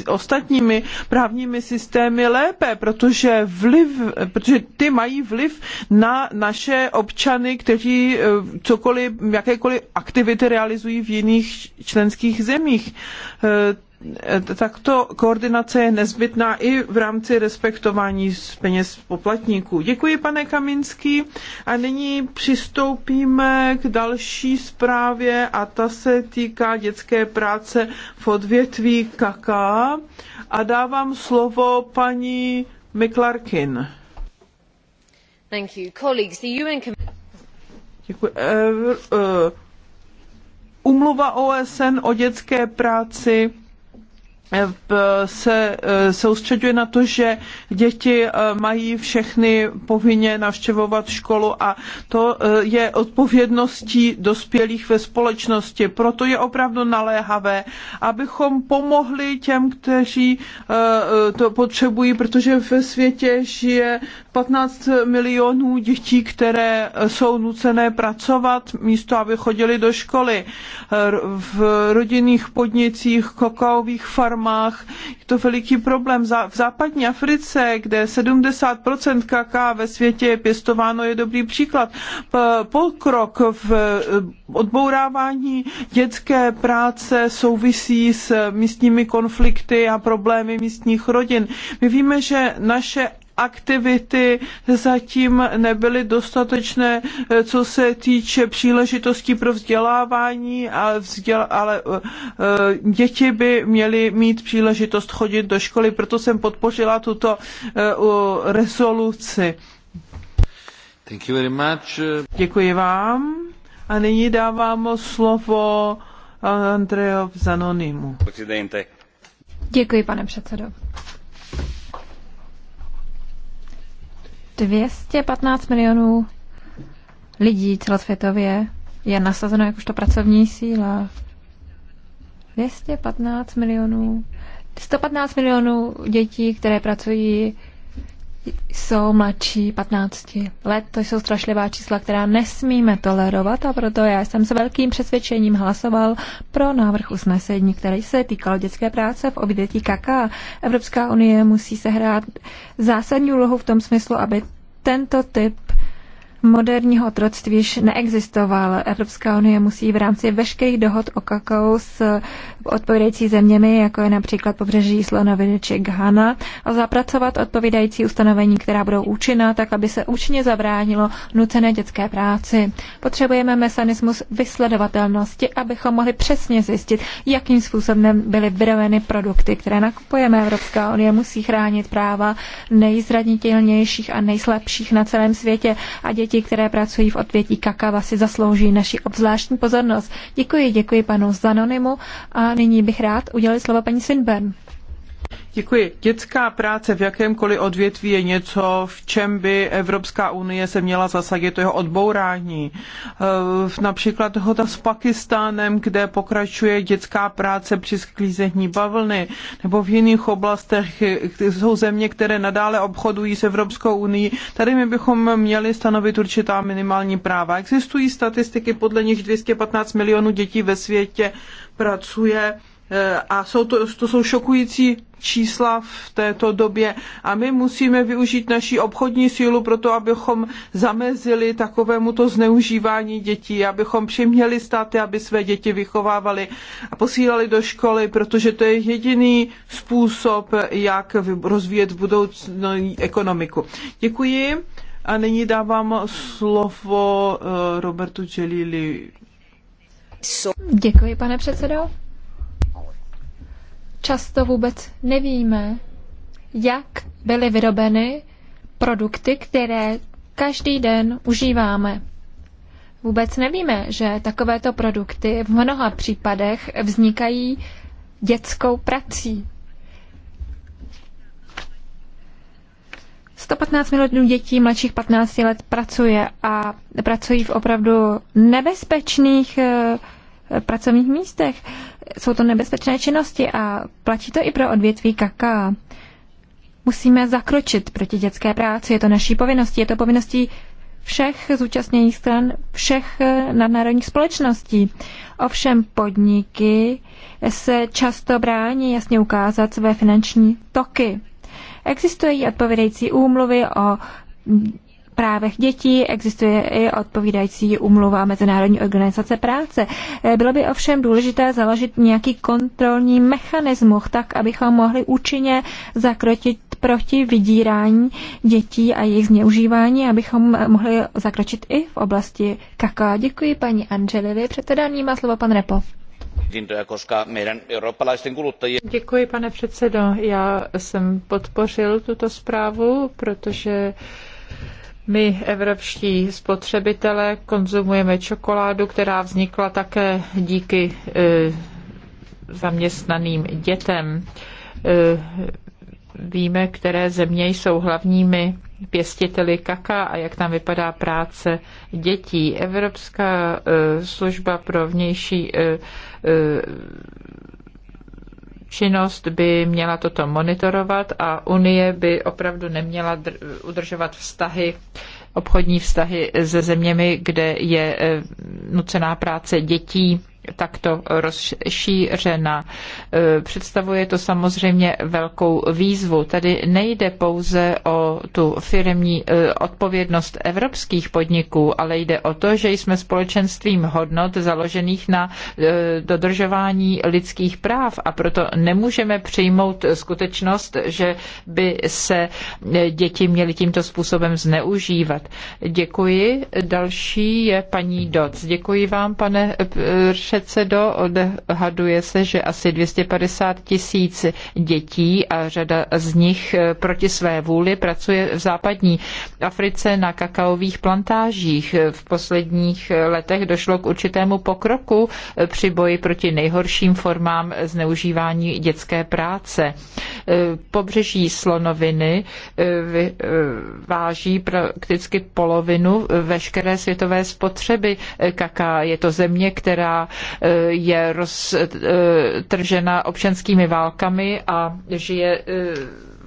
ostatními právními systémy lépe, protože, vliv, protože ty mají vliv na naše občany, kteří eh, cokoliv, jakékoliv aktivity realizují v jiných členských zemích. Eh, takto koordinace je nezbytná i v rámci respektování peněz poplatníků. Děkuji, pane Kaminský. A nyní přistoupíme k další zprávě a ta se týká dětské práce v odvětví kaka, A dávám slovo paní McClarkin. Thank you. Colleagues, the UN... Děkuji. Uh, uh, umluva OSN o dětské práci se eh, soustředuje na to, že děti eh, mají všechny povinně navštěvovat školu a to eh, je odpovědností dospělých ve společnosti. Proto je opravdu naléhavé, abychom pomohli těm, kteří to potřebují, protože ve světě žije 15 milionů dětí, které jsou nucené pracovat místo, aby chodili do školy. V rodinných podnicích, kakaových farmách, farmách. Je to veliký problém. V západní Africe, kde 70% kaká ve světě je pěstováno, je dobrý příklad. Pokrok v eh, odbourávání dětské práce souvisí s místními konflikty a problémy místních rodin. My víme, že naše aktivity zatím nebyly dostatečné, eh, co se týče příležitostí pro vzdělávání, ale, ale eh, eh, děti by měly mít příležitost chodit do školy, proto jsem podpořila tuto rezoluci. Thank you very much. Děkuji vám. A nyní dávám slovo Andreo Zanonimu. Děkuji, pane předsedo. 215 milionů lidí celosvětově je nasazeno jakožto pracovní síla. 215 milionů 115 milionů dětí, které pracují jsou mladší 15 let. To jsou strašlivá čísla, která nesmíme tolerovat a proto já jsem s velkým přesvědčením hlasoval pro návrh usnesení, který se týkal dětské práce v obětí kaká. Evropská unie musí sehrát zásadní úlohu v tom smyslu, aby tento typ moderního otroctví již neexistoval. Evropská unie musí v rámci veškerých dohod o kakao s odpovídající zeměmi, jako je například pobřeží Slonoviny či Ghana, a zapracovat odpovídající ustanovení, která budou účinná, tak aby se účinně zabránilo nucené dětské práci. Potřebujeme mechanismus vysledovatelnosti, abychom mohli přesně zjistit, jakým způsobem byly vyrobeny produkty, které nakupujeme. Evropská unie musí chránit práva nejzranitelnějších a nejslabších na celém světě a děti děti, které pracují v odvětí kakava, si zaslouží naši obzvláštní pozornost. Děkuji, děkuji panu Zanonimu a nyní bych rád udělal slovo paní Sinbern. Děkuji. Dětská práce v jakémkoliv odvětví je něco, v čem by Evropská unie se měla zasadit, to jeho odbourání. Eh, například dohoda s Pakistánem, kde pokračuje dětská práce při sklízení bavlny, nebo v jiných oblastech, eh, jsou země, které nadále obchodují s Evropskou unii. Tady my bychom měli stanovit určitá minimální práva. Existují statistiky, podle nich 215 milionů dětí ve světě pracuje Eh, a jsou to, to jsou šokující čísla v této době a my musíme využít naší obchodní sílu pro to, abychom zamezili takovému to zneužívání dětí, abychom přiměli státy, aby své děti vychovávali a posílali do školy, protože to je jediný způsob, jak rozvíjet budoucí ekonomiku. Děkuji a nyní dávám slovo eh, Robertu Čelili. Děkuji, pane předsedo často vůbec nevíme, jak byly vyrobeny produkty, které každý den užíváme. Vůbec nevíme, že takovéto produkty v mnoha případech vznikají dětskou prací. 115 milionů dětí mladších 15 let pracuje a pracují v opravdu nebezpečných eh, pracovních místech. Jsou to nebezpečné činnosti a platí to i pro odvětví kaká. Musíme zakročit proti dětské práci, je to naší povinností, je to povinností všech zúčastněných stran, všech eh, nadnárodních společností. Ovšem podniky se často brání jasně ukázat své finanční toky. Existují odpovědející úmluvy o právech dětí existuje i odpovídající umluva Mezinárodní organizace práce. Eh, Bylo by ovšem důležité založit nějaký kontrolní mechanismus, tak abychom mohli účinně zakročit proti vydírání dětí a jejich zneužívání, abychom mohli zakročit i v oblasti kaká. Děkuji paní Angelivi. Předsedání má slovo pan Repov Děkuji, pane předsedo. Já jsem podpořil tuto zprávu, protože my, evropští spotřebitelé, konzumujeme čokoládu, která vznikla také díky e, zaměstnaným dětem. E, víme, které země jsou hlavními pěstiteli kaka a jak tam vypadá práce dětí. Evropská e, služba pro vnější činnost by měla toto monitorovat a Unie by opravdu neměla udržovat vztahy obchodní vztahy se zeměmi, kde je eh, nucená práce dětí takto rozšířena. E, představuje to samozřejmě velkou výzvu. Tady nejde pouze o tu firmní e, odpovědnost evropských podniků, ale jde o to, že jsme společenstvím hodnot založených na e, dodržování lidských práv a proto nemůžeme přijmout skutečnost, že by se děti měly tímto způsobem zneužívat. Děkuji. Další je paní Doc. Děkuji vám, pane předsedající předsedo. Odhaduje se, že asi 250 tisíc dětí a řada z nich eh, proti své vůli pracuje v západní Africe na kakaových plantážích. V posledních eh, letech došlo k určitému pokroku eh, při boji proti nejhorším formám zneužívání dětské práce. Pobřeží slonoviny váží prakticky polovinu veškeré světové spotřeby kaká. Je to země, která je roztržena občanskými válkami a žije eh,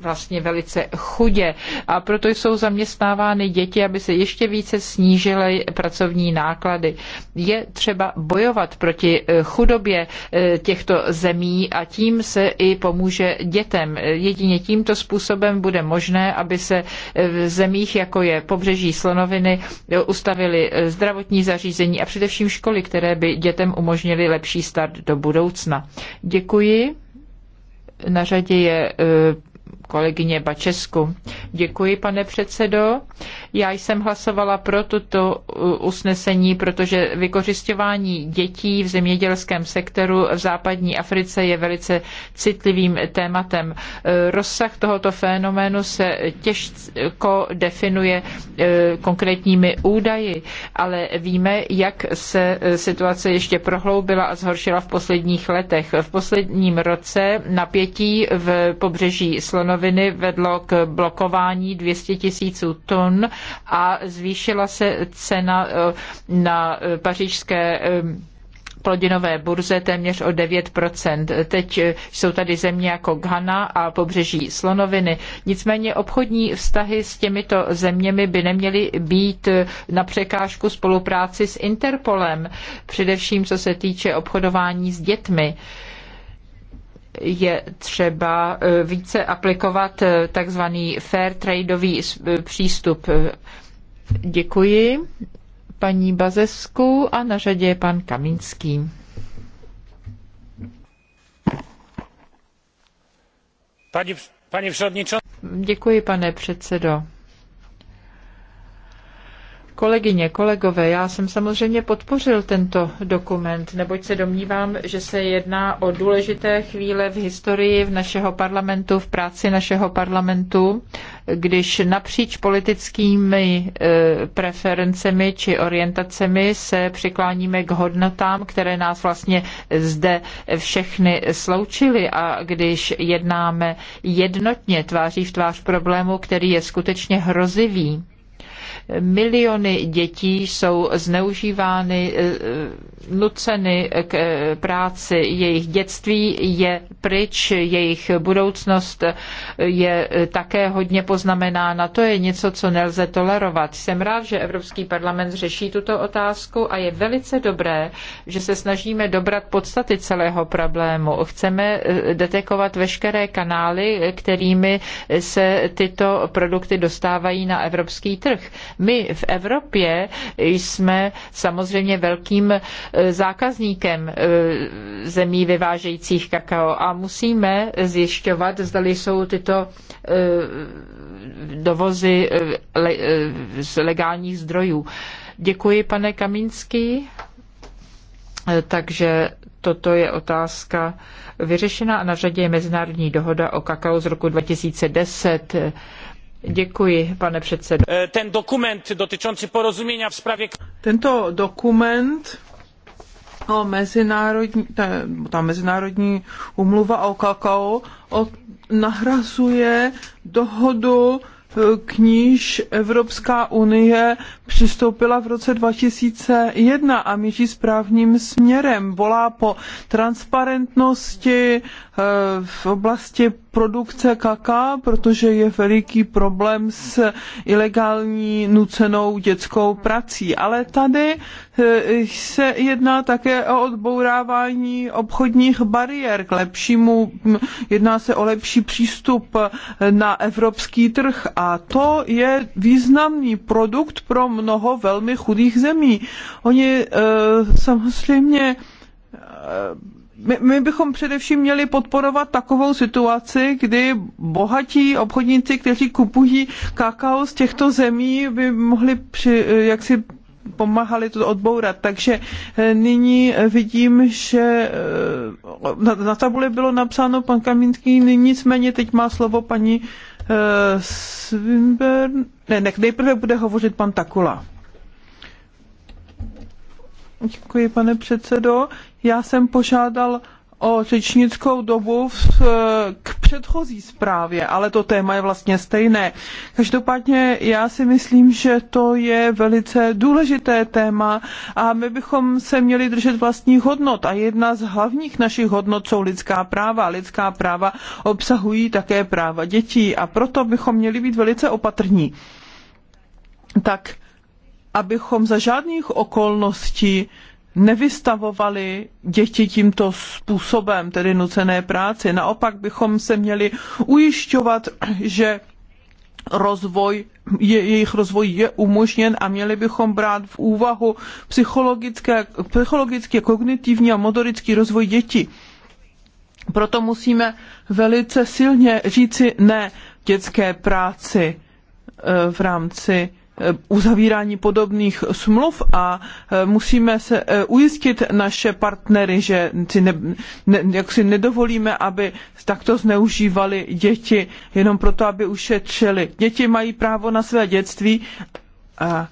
vlastně velice chudě a proto jsou zaměstnávány děti, aby se ještě více snížily pracovní náklady. Je třeba bojovat proti eh, chudobě eh, těchto zemí a tím se i pomůže dětem. Jedině tímto způsobem bude možné, aby se eh, v zemích, jako je pobřeží Slonoviny, ustavili zdravotní zařízení a především školy, které by dětem umožnily lepší start do budoucna. Děkuji. Na řadě je kolegyně Bačesku. Děkuji, pane předsedo. Já jsem hlasovala pro tuto uh, usnesení, protože vykořišťování dětí v zemědělském sektoru v západní Africe je velice citlivým tématem. Uh, rozsah tohoto fenoménu se těžko definuje uh, konkrétními údaji, ale víme, jak se situace ještě prohloubila a zhoršila v posledních letech. V posledním roce napětí v pobřeží Slonoviny potraviny vedlo k blokování 200 tisíců tun a zvýšila se cena eh, na eh, pařížské eh, plodinové burze téměř o 9%. Teď jsou tady země jako Ghana a pobřeží Slonoviny. Nicméně obchodní vztahy s těmito zeměmi by neměly být na překážku spolupráci s Interpolem, především co se týče obchodování s dětmi je třeba eh, více aplikovat eh, takzvaný fair tradeový eh, přístup. Děkuji paní Bazesku a na řadě je pan Kamínský. Pani, pani Děkuji, pane předsedo. Kolegyně, kolegové, já jsem samozřejmě podpořil tento dokument, neboť se domnívám, že se jedná o důležité chvíle v historii v našeho parlamentu, v práci našeho parlamentu, když napříč politickými e, preferencemi či orientacemi se přikláníme k hodnotám, které nás vlastně zde všechny sloučily a když jednáme jednotně tváří v tvář problému, který je skutečně hrozivý Miliony dětí jsou zneužívány eh, nuceny k eh, práci. Jejich dětství je pryč, jejich budoucnost eh, je eh, také hodně poznamenána. To je něco, co nelze tolerovat. Jsem rád, že Evropský parlament řeší tuto otázku a je velice dobré, že se snažíme dobrat podstaty celého problému. Chceme detekovat veškeré kanály, kterými se tyto produkty dostávají na evropský trh. My v Evropě jsme samozřejmě velkým E, zákazníkem e, zemí vyvážejících kakao a musíme zjišťovat, zda jsou tyto e, dovozy z legálních zdrojů. Děkuji, pane Kamínský. Takže toto je otázka vyřešená a na řadě je mezinárodní dohoda o kakao z roku 2010. Děkuji, pane předsedo. Ten dokument dotyczący porozumění v správě... Tento dokument o mezinárodní, ta, ta mezinárodní umluva o kakao o, nahrazuje dohodu eh, kníž Evropská unie přistoupila v roce 2001 a míří správným směrem. Volá po transparentnosti eh, v oblasti produkce kaká, protože je veliký problém s ilegální nucenou dětskou prací. Ale tady eh, se jedná také o odbourávání obchodních bariér k lepšímu, hm, jedná se o lepší přístup eh, na evropský trh a to je významný produkt pro mnoho velmi chudých zemí. Oni eh, samozřejmě eh, my, my bychom především měli podporovat takovou situaci, kdy bohatí obchodníci, kteří kupují kakao z těchto zemí, by mohli při, eh, jak si pomáhali to odbourat. Takže nyní vidím, že na, na tabuli bylo napsáno pan Kamínský, nicméně teď má slovo paní Eh, Swinburne, ne, ne, nejprve bude hovořit pan Takula. Děkuji, pane předsedo. Já jsem požádal o řečnickou dobu v, k předchozí zprávě, ale to téma je vlastně stejné. Každopádně já si myslím, že to je velice důležité téma a my bychom se měli držet vlastních hodnot a jedna z hlavních našich hodnot jsou lidská práva. Lidská práva obsahují také práva dětí a proto bychom měli být velice opatrní. Tak abychom za žádných okolností nevystavovali děti tímto způsobem, tedy nucené práci. Naopak bychom se měli ujišťovat, že rozvoj, je, jejich rozvoj je umožněn a měli bychom brát v úvahu psychologické, psychologický, kognitivní a motorický rozvoj dětí. Proto musíme velice silně říci ne dětské práci eh, v rámci Eh, uzavírání podobných smluv a eh, musíme se eh, ujistit naše partnery, že si ne, ne, jak si nedovolíme, aby takto zneužívali děti jenom proto, aby ušetřili. Děti mají právo na své dětství a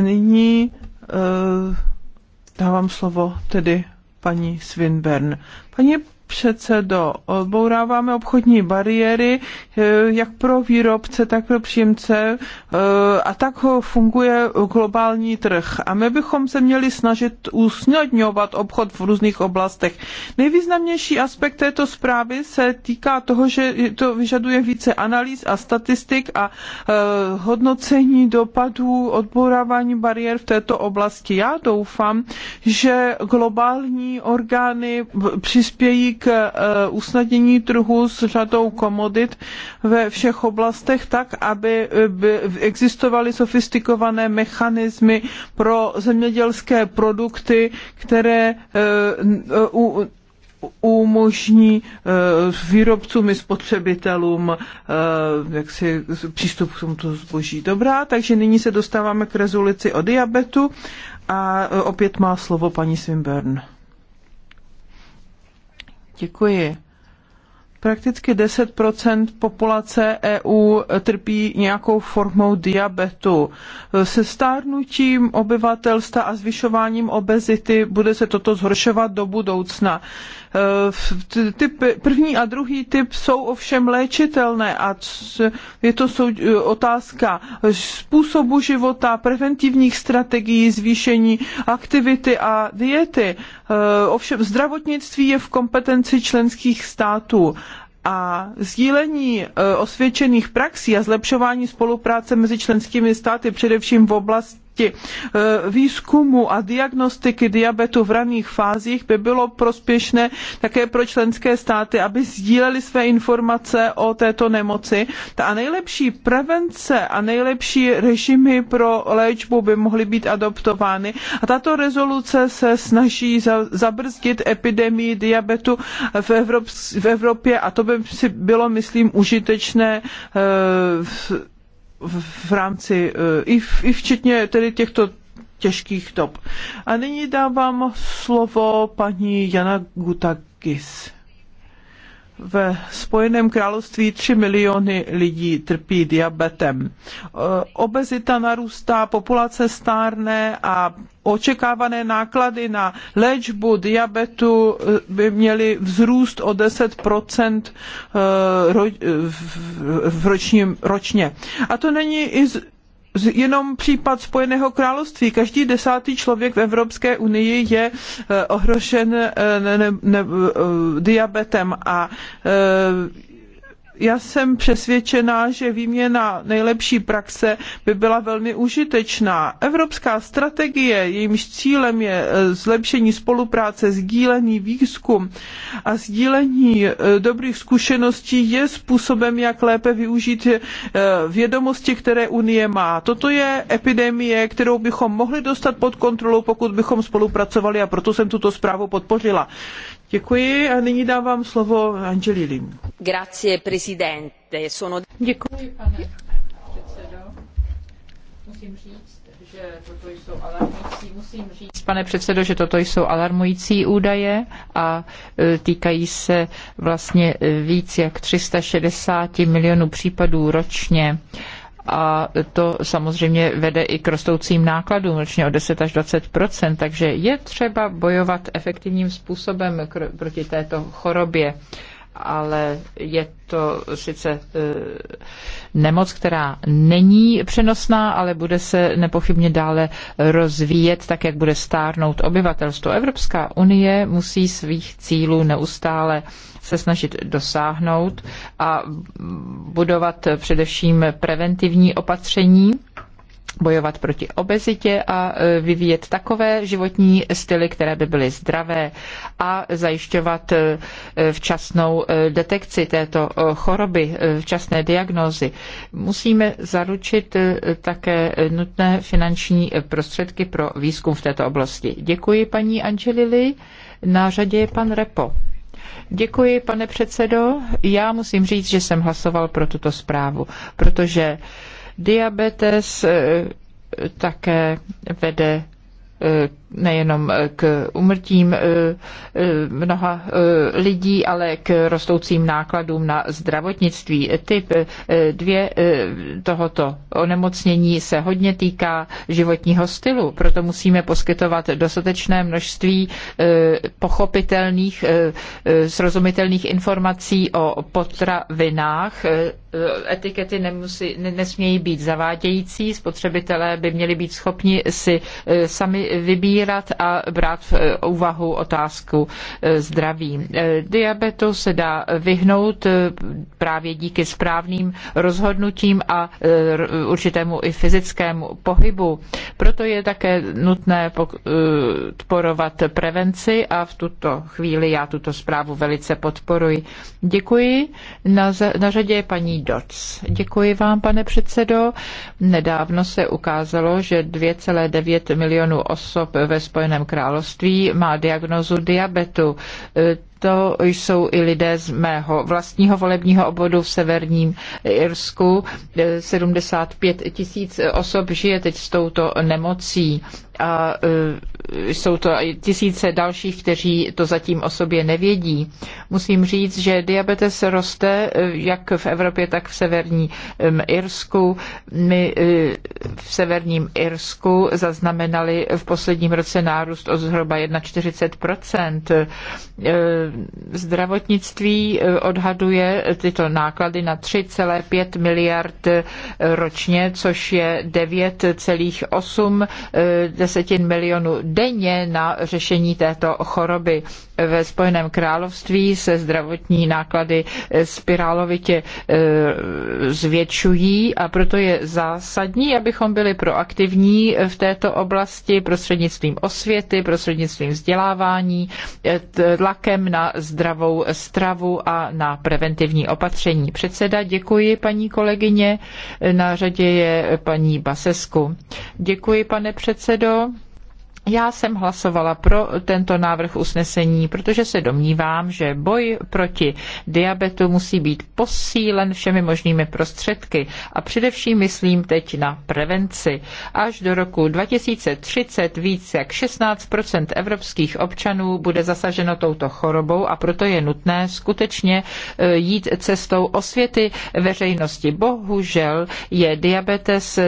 nyní dávám slovo tedy paní Swinburne. Paní předsedo, odbouráváme obchodní bariéry eh, jak pro výrobce, tak pro příjemce eh, a tak funguje globální trh. A my bychom se měli snažit usnadňovat obchod v různých oblastech. Nejvýznamnější aspekt této zprávy se týká toho, že to vyžaduje více analýz a statistik a eh, hodnocení dopadů odbourávání bariér v této oblasti. Já doufám, že globální orgány přispějí k eh, usnadnění trhu s řadou komodit ve všech oblastech tak, aby eh, existovaly sofistikované mechanismy pro zemědělské produkty, které eh, umožní výrobcům i spotřebitelům jaksi přístup k tomuto zboží. Dobrá, takže nyní se dostáváme k rezoluci o diabetu a opět má slovo paní Swinburne. Děkuji. Prakticky 10 populace EU trpí nějakou formou diabetu. Se stárnutím obyvatelstva a zvyšováním obezity bude se toto zhoršovat do budoucna. E, typ, první a druhý typ jsou ovšem léčitelné a je to sou, otázka způsobu života, preventivních strategií, zvýšení aktivity a diety. Eh, ovšem zdravotnictví je v kompetenci členských států a sdílení eh, osvědčených praxí a zlepšování spolupráce mezi členskými státy, především v oblasti E, výzkumu a diagnostiky diabetu v raných fázích by bylo prospěšné také pro členské státy, aby sdíleli své informace o této nemoci. A nejlepší prevence a nejlepší režimy pro léčbu by mohly být adoptovány. A tato rezoluce se snaží zabrzdit epidemii diabetu v, Evropě a to by si bylo, myslím, užitečné e, v v rámci eh, i, v, i včetně tedy těchto těžkých dob. A nyní dávám slovo paní Jana Gutakis. Ve Spojeném království 3 miliony lidí trpí diabetem. Eh, obezita narůstá, populace stárne a očekávané náklady na léčbu diabetu eh, by měly vzrůst o 10 eh, v ročním, ročně. A to není i jenom případ Spojeného království. Každý desátý člověk v Evropské unii je eh, ohrožen diabetem a já jsem přesvědčená, že výměna nejlepší praxe by byla velmi užitečná. Evropská strategie, jejímž cílem je e, zlepšení spolupráce, sdílení výzkum a sdílení e, dobrých zkušeností je způsobem, jak lépe využít e, vědomosti, které Unie má. Toto je epidemie, kterou bychom mohli dostat pod kontrolu, pokud bychom spolupracovali a proto jsem tuto zprávu podpořila. Děkuji a nyní dávám slovo Angelili. Grazie, presidente. Sono... Děkuji, pane předsedo. Musím říct, že toto jsou alarmující, musím říct, pane předsedo, že toto jsou alarmující údaje a e, týkají se vlastně e, víc jak 360 milionů případů ročně a to samozřejmě vede i k rostoucím nákladům, ročně o 10 až 20 takže je třeba bojovat efektivním způsobem proti této chorobě ale je to sice e, nemoc, která není přenosná, ale bude se nepochybně dále rozvíjet, tak jak bude stárnout obyvatelstvo. Evropská unie musí svých cílů neustále se snažit dosáhnout a budovat především preventivní opatření bojovat proti obezitě a e, vyvíjet takové životní styly, které by byly zdravé a zajišťovat e, včasnou e, detekci této choroby, včasné diagnózy. Musíme zaručit také nutné finanční prostředky pro výzkum v této oblasti. Děkuji paní Angelili. Na řadě je pan Repo. Děkuji, pane předsedo. Já musím říct, že jsem hlasoval pro tuto zprávu, protože diabetes eh, také vede eh, nejenom k umrtím e, e, mnoha e, lidí, ale k rostoucím nákladům na zdravotnictví. Typ dvě tohoto onemocnění se hodně týká životního stylu, proto musíme poskytovat dostatečné množství pochopitelných, srozumitelných informací o potravinách. Etikety nemusí, nesmějí být zavádějící, spotřebitelé by měli být schopni si sami vybírat probírat a brát v e, úvahu otázku e, zdraví. E, Diabetu se dá vyhnout právě díky správným rozhodnutím a určitému i fyzickému pohybu. Proto je také nutné podporovat prevenci a v tuto chvíli já tuto zprávu velice podporuji. Děkuji. Na, na řadě je paní Doc. Děkuji vám, pane předsedo. Nedávno se ukázalo, že 2,9 milionů osob v ve Spojeném království má diagnozu diabetu to jsou i lidé z mého vlastního volebního obvodu v severním Irsku. 75 tisíc osob žije teď s touto nemocí a e, jsou to tisíce dalších, kteří to zatím o sobě nevědí. Musím říct, že diabetes roste jak v Evropě, tak v severním Irsku. My e, v severním Irsku zaznamenali v posledním roce nárůst o zhruba 41 zdravotnictví e, odhaduje tyto náklady na 3,5 miliard e, ročně, což je 9,8 e, desetin milionu denně na řešení této choroby. Ve Spojeném království se zdravotní náklady spirálovitě zvětšují a proto je zásadní, abychom byli proaktivní v této oblasti prostřednictvím osvěty, prostřednictvím vzdělávání, tlakem na na zdravou stravu a na preventivní opatření. Předseda, děkuji paní kolegyně. Na řadě je paní Basesku. Děkuji, pane předsedo. Já jsem hlasovala pro tento návrh usnesení, protože se domnívám, že boj proti diabetu musí být posílen všemi možnými prostředky a především myslím teď na prevenci. Až do roku 2030 více jak 16 evropských občanů bude zasaženo touto chorobou a proto je nutné skutečně eh, jít cestou osvěty veřejnosti. Bohužel je diabetes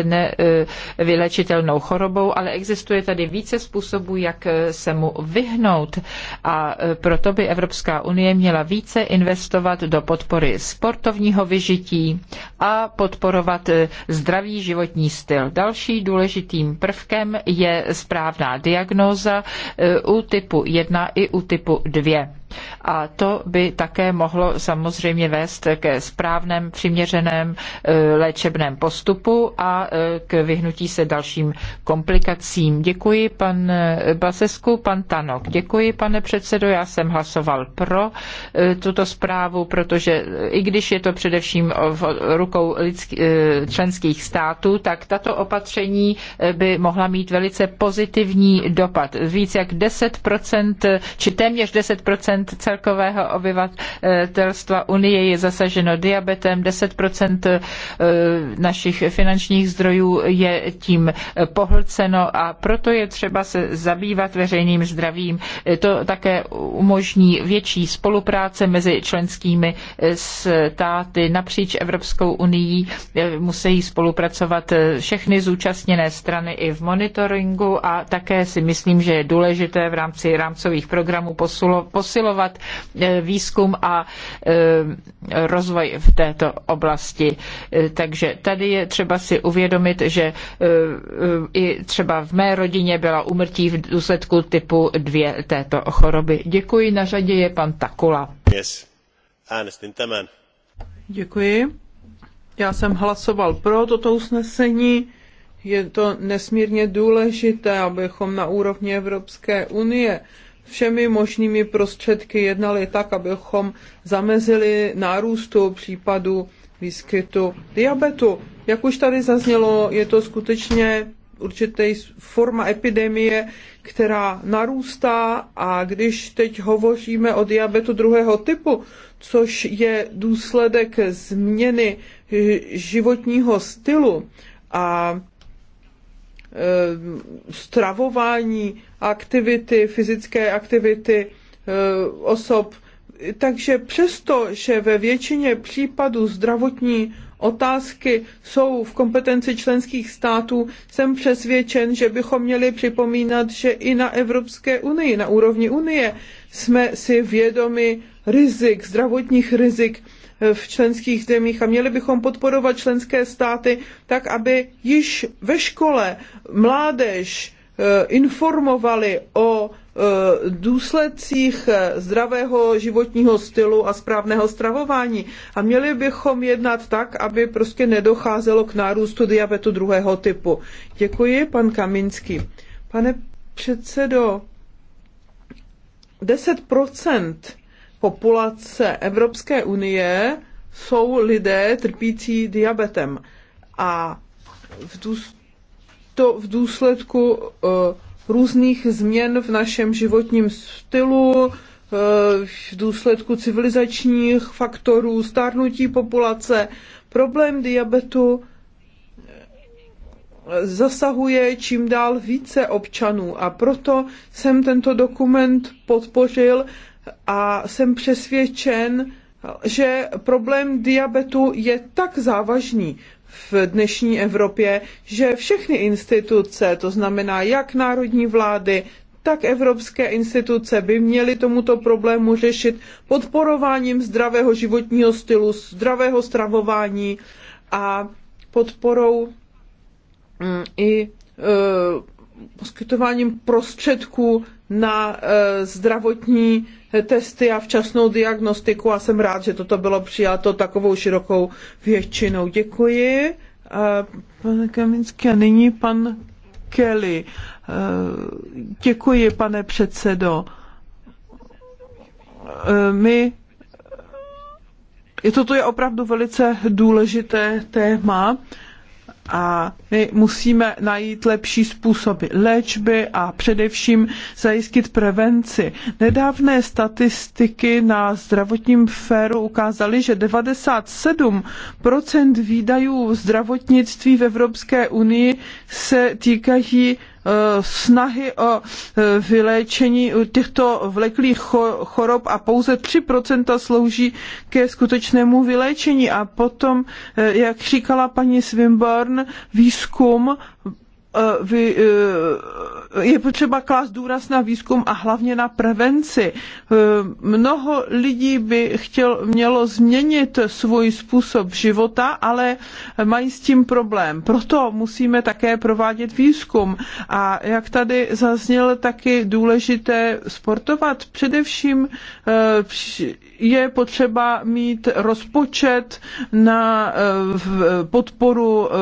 nevylečitelnou eh, chorobou, ale existuje tady více způsobů, jak eh, se mu vyhnout. A eh, proto by Evropská unie měla více investovat do podpory sportovního vyžití a podporovat eh, zdravý životní styl. Další důležitým prvkem je správná diagnóza u typu 1 i u typu 2 a to by také mohlo samozřejmě vést ke správném, přiměřeném eh, léčebném postupu a eh, k vyhnutí se dalším komplikacím. Děkuji, pan eh, Basesku, pan Tanok. Děkuji, pane předsedo, já jsem hlasoval pro tuto zprávu, protože i když je to především v rukou lidský, členských států, tak tato opatření by mohla mít velice pozitivní dopad. Víc jak 10% či téměř 10% celkového obyvatelstva Unie je zasaženo diabetem, 10 eh, našich finančních zdrojů je tím pohlceno a proto je třeba se zabývat veřejným zdravím. Eh, to také umožní větší spolupráce mezi členskými eh, státy napříč Evropskou unii. Musí spolupracovat všechny zúčastněné strany i v monitoringu a také si myslím, že je důležité v rámci rámcových programů posilovat posilovat eh, výzkum a eh, rozvoj v této oblasti. Eh, takže tady je třeba si uvědomit, že i třeba v mé rodině byla umrtí v důsledku typu dvě této choroby. Děkuji, na řadě je pan Takula. Yes. Děkuji. Já jsem hlasoval pro toto usnesení. Je to nesmírně důležité, abychom na úrovni Evropské unie všemi možnými prostředky jednali tak, abychom zamezili nárůstu případu výskytu diabetu. Jak už tady zaznělo, je to skutečně určitý forma epidemie, která narůstá a když teď hovoříme o diabetu druhého typu, což je důsledek změny životního stylu a Eh, stravování, aktivity, fyzické aktivity eh, osob. Takže přesto, že ve většině případů zdravotní otázky jsou v kompetenci členských států, jsem přesvědčen, že bychom měli připomínat, že i na Evropské unii, na úrovni unie, jsme si vědomi rizik, zdravotních rizik, v členských zemích a měli bychom podporovat členské státy tak, aby již ve škole mládež eh, informovali o eh, důsledcích eh, zdravého životního stylu a správného stravování. A měli bychom jednat tak, aby prostě nedocházelo k nárůstu diabetu druhého typu. Děkuji, pan Kaminský. Pane předsedo, 10 populace Evropské unie jsou lidé trpící diabetem. A v, důs, to v důsledku uh, různých změn v našem životním stylu, eh, v důsledku civilizačních faktorů, stárnutí populace, problém diabetu eh, zasahuje čím dál více občanů a proto jsem tento dokument podpořil a jsem přesvědčen, že problém diabetu je tak závažný v dnešní Evropě, že všechny instituce, to znamená jak národní vlády, tak evropské instituce by měly tomuto problému řešit podporováním zdravého životního stylu, zdravého stravování a podporou mm, i e, poskytováním prostředků na e, zdravotní testy a včasnou diagnostiku a jsem rád, že toto bylo přijato takovou širokou většinou. Děkuji. E, pane Kaminský a nyní pan Kelly. E, děkuji, pane předsedo. My Toto je opravdu velice důležité téma a my musíme najít lepší způsoby léčby a především zajistit prevenci. Nedávné statistiky na zdravotním féru ukázaly, že 97% výdajů zdravotnictví v Evropské unii se týkají Eh, snahy o eh, vyléčení těchto vleklých chorob a pouze 3% slouží ke skutečnému vyléčení. A potom, eh, jak říkala paní Swinburne, výzkum Eh, vy, eh, je potřeba klást důraz na výzkum a hlavně na prevenci. Eh, mnoho lidí by chtěl, mělo změnit svůj způsob života, ale mají s tím problém. Proto musíme také provádět výzkum. A jak tady zazněl, taky důležité sportovat. Především je potřeba mít rozpočet na eh, podporu eh,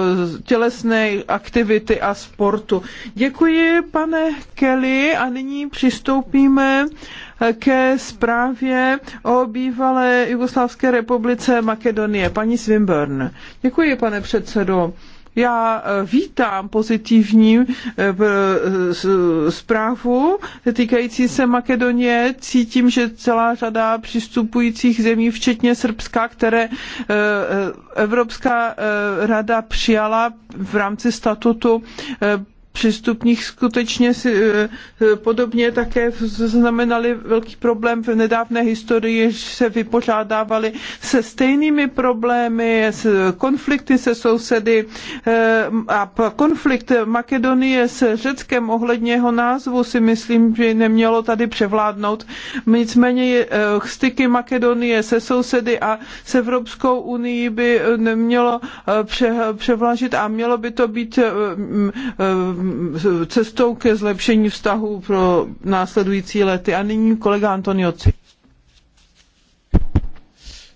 tělesné aktivity a sportu. Děkuji, pane Kelly, a nyní přistoupíme eh, ke zprávě o bývalé Jugoslávské republice Makedonie. Paní Swinburne. Děkuji, pane předsedo. Já eh, vítám pozitivní eh, eh, zprávu týkající se Makedonie. Cítím, že celá řada přistupujících zemí, včetně Srbska, které Evropská rada přijala v rámci statutu přestupních skutečně si, eh, eh, podobně také znamenali velký problém v nedávné historii, že se vypořádávali se stejnými problémy, s konflikty se sousedy eh, a konflikt Makedonie s Řeckem ohledně jeho názvu si myslím, že nemělo tady převládnout. Nicméně styky Makedonie se sousedy a s Evropskou unii by nemělo převlážit a mělo by to být cestou ke zlepšení vztahu pro následující lety. A nyní kolega Antonioci.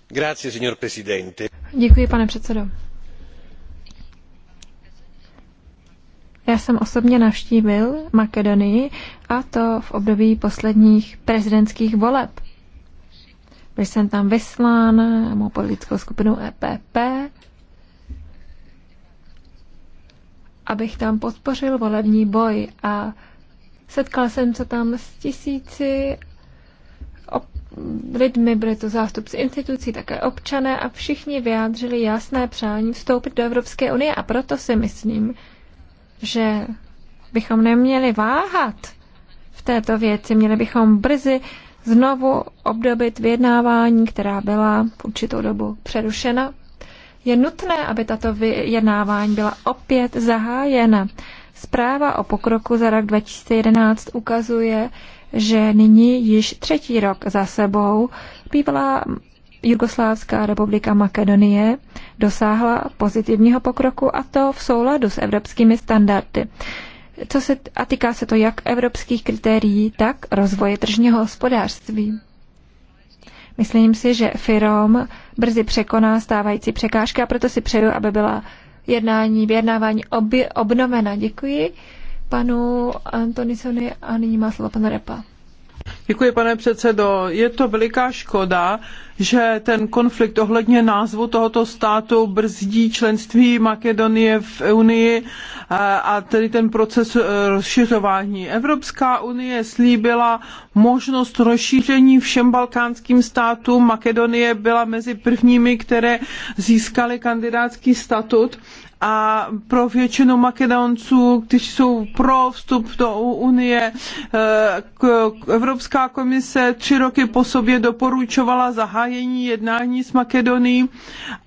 Grazie, signor Presidente. Děkuji, pane předsedo. Já jsem osobně navštívil Makedonii a to v období posledních prezidentských voleb. Byl jsem tam vyslán mou politickou skupinou EPP abych tam podpořil volební boj a setkal jsem se tam s tisíci lidmi, byli to zástupci institucí, také občané a všichni vyjádřili jasné přání vstoupit do Evropské unie a proto si myslím, že bychom neměli váhat v této věci, měli bychom brzy znovu obdobit vyjednávání, která byla v určitou dobu přerušena, je nutné, aby tato vyjednávání byla opět zahájena. Zpráva o pokroku za rok 2011 ukazuje, že nyní již třetí rok za sebou bývalá Jugoslávská republika Makedonie dosáhla pozitivního pokroku a to v souladu s evropskými standardy. Co se, a týká se to jak evropských kritérií, tak rozvoje tržního hospodářství. Myslím si, že Firom brzy překoná stávající překážky a proto si přeju, aby byla jednání, vyjednávání obnovena. Děkuji panu Antonisoni a nyní má slovo pan Repa. Děkuji, pane předsedo. Je to veliká škoda, že ten konflikt ohledně názvu tohoto státu brzdí členství Makedonie v Unii eh, a tedy ten proces eh, rozšiřování. Evropská unie slíbila možnost rozšíření všem balkánským státům. Makedonie byla mezi prvními, které získaly kandidátský statut a pro většinu Makedonců, kteří jsou pro vstup do Unie, eh, Evropská komise tři roky po sobě doporučovala zahájení jednání s Makedonií,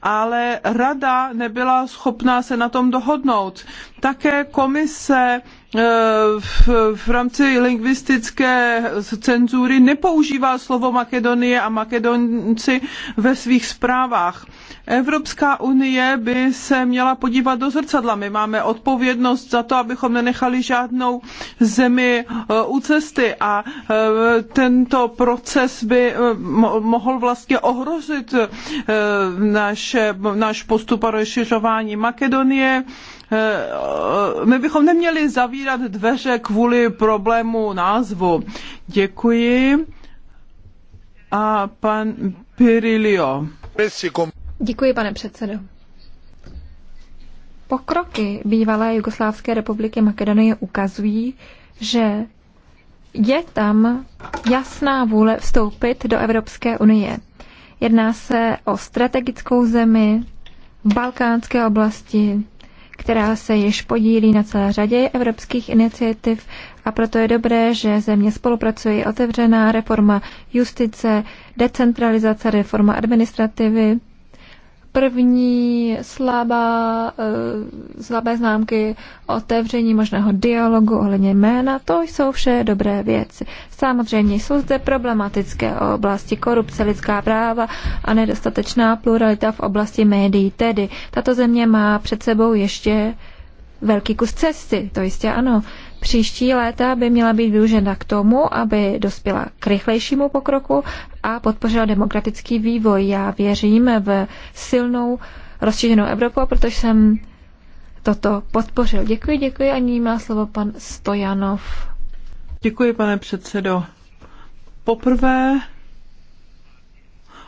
ale rada nebyla schopná se na tom dohodnout. Také komise eh, v, v rámci lingvistické cenzury nepoužívá slovo Makedonie a Makedonci ve svých zprávách. Evropská unie by se měla podívat do zrcadla. My máme odpovědnost za to, abychom nenechali žádnou zemi eh, u cesty a eh, tento proces by mohl vlastně ohrozit naše, náš postup a rozšiřování Makedonie Eh, my bychom neměli zavírat dveře kvůli problému názvu. Děkuji. A pan Pirilio. Děkuji, pane předsedo. Pokroky bývalé Jugoslávské republiky Makedonie ukazují, že je tam jasná vůle vstoupit do Evropské unie. Jedná se o strategickou zemi v balkánské oblasti, která se již podílí na celé řadě evropských iniciativ a proto je dobré, že země spolupracují otevřená reforma justice, decentralizace, reforma administrativy První slabá, eh, slabé známky otevření možného dialogu ohledně jména, to jsou vše dobré věci. Samozřejmě jsou zde problematické oblasti korupce, lidská práva a nedostatečná pluralita v oblasti médií. Tedy tato země má před sebou ještě velký kus cesty, to jistě ano. Příští léta by měla být využena k tomu, aby dospěla k rychlejšímu pokroku a podpořila demokratický vývoj. Já věřím v silnou rozšířenou Evropu, protože jsem toto podpořil. Děkuji, děkuji a nyní má slovo pan Stojanov. Děkuji, pane předsedo. Poprvé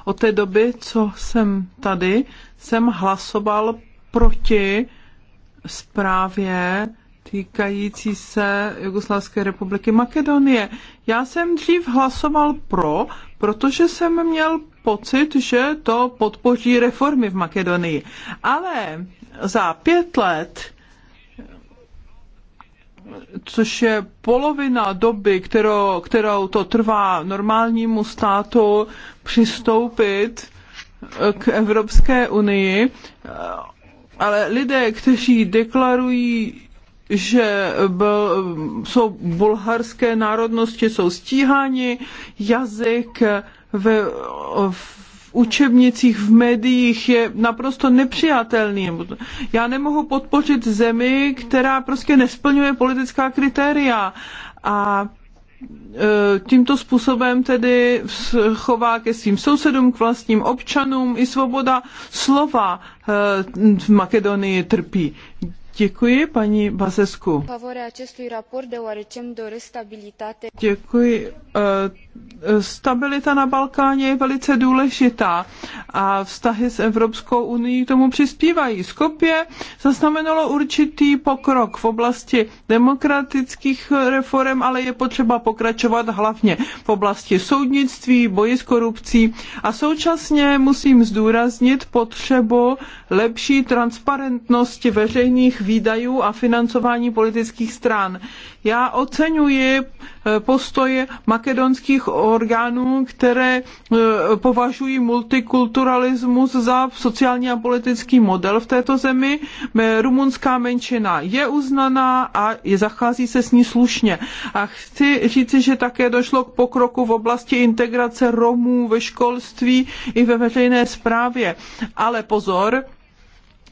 od té doby, co jsem tady, jsem hlasoval proti zprávě týkající se Jugoslavské republiky Makedonie. Já jsem dřív hlasoval pro, protože jsem měl pocit, že to podpoří reformy v Makedonii. Ale za pět let což je polovina doby, kterou, kterou to trvá normálnímu státu přistoupit k Evropské unii. Ale lidé, kteří deklarují že byl, jsou bulharské národnosti, jsou stíháni, jazyk ve, v učebnicích, v médiích je naprosto nepřijatelný. Já nemohu podpořit zemi, která prostě nesplňuje politická kritéria. A e, tímto způsobem tedy chová ke svým sousedům, k vlastním občanům i svoboda slova e, v Makedonii trpí. Děkuji, paní Bazesku. Děkuji. Eh, stabilita na Balkáně je velice důležitá a vztahy s Evropskou unii k tomu přispívají. Skopje zaznamenalo určitý pokrok v oblasti demokratických reform, ale je potřeba pokračovat hlavně v oblasti soudnictví, boji s korupcí a současně musím zdůraznit potřebu lepší transparentnosti veřejných výdajů a financování politických stran. Já oceňuji eh, postoje makedonských orgánů, které eh, považují multikulturalismus za sociální a politický model v této zemi. Eh, rumunská menšina je uznaná a je, zachází se s ní slušně. A chci říci, že také došlo k pokroku v oblasti integrace Romů ve školství i ve veřejné správě. Ale pozor,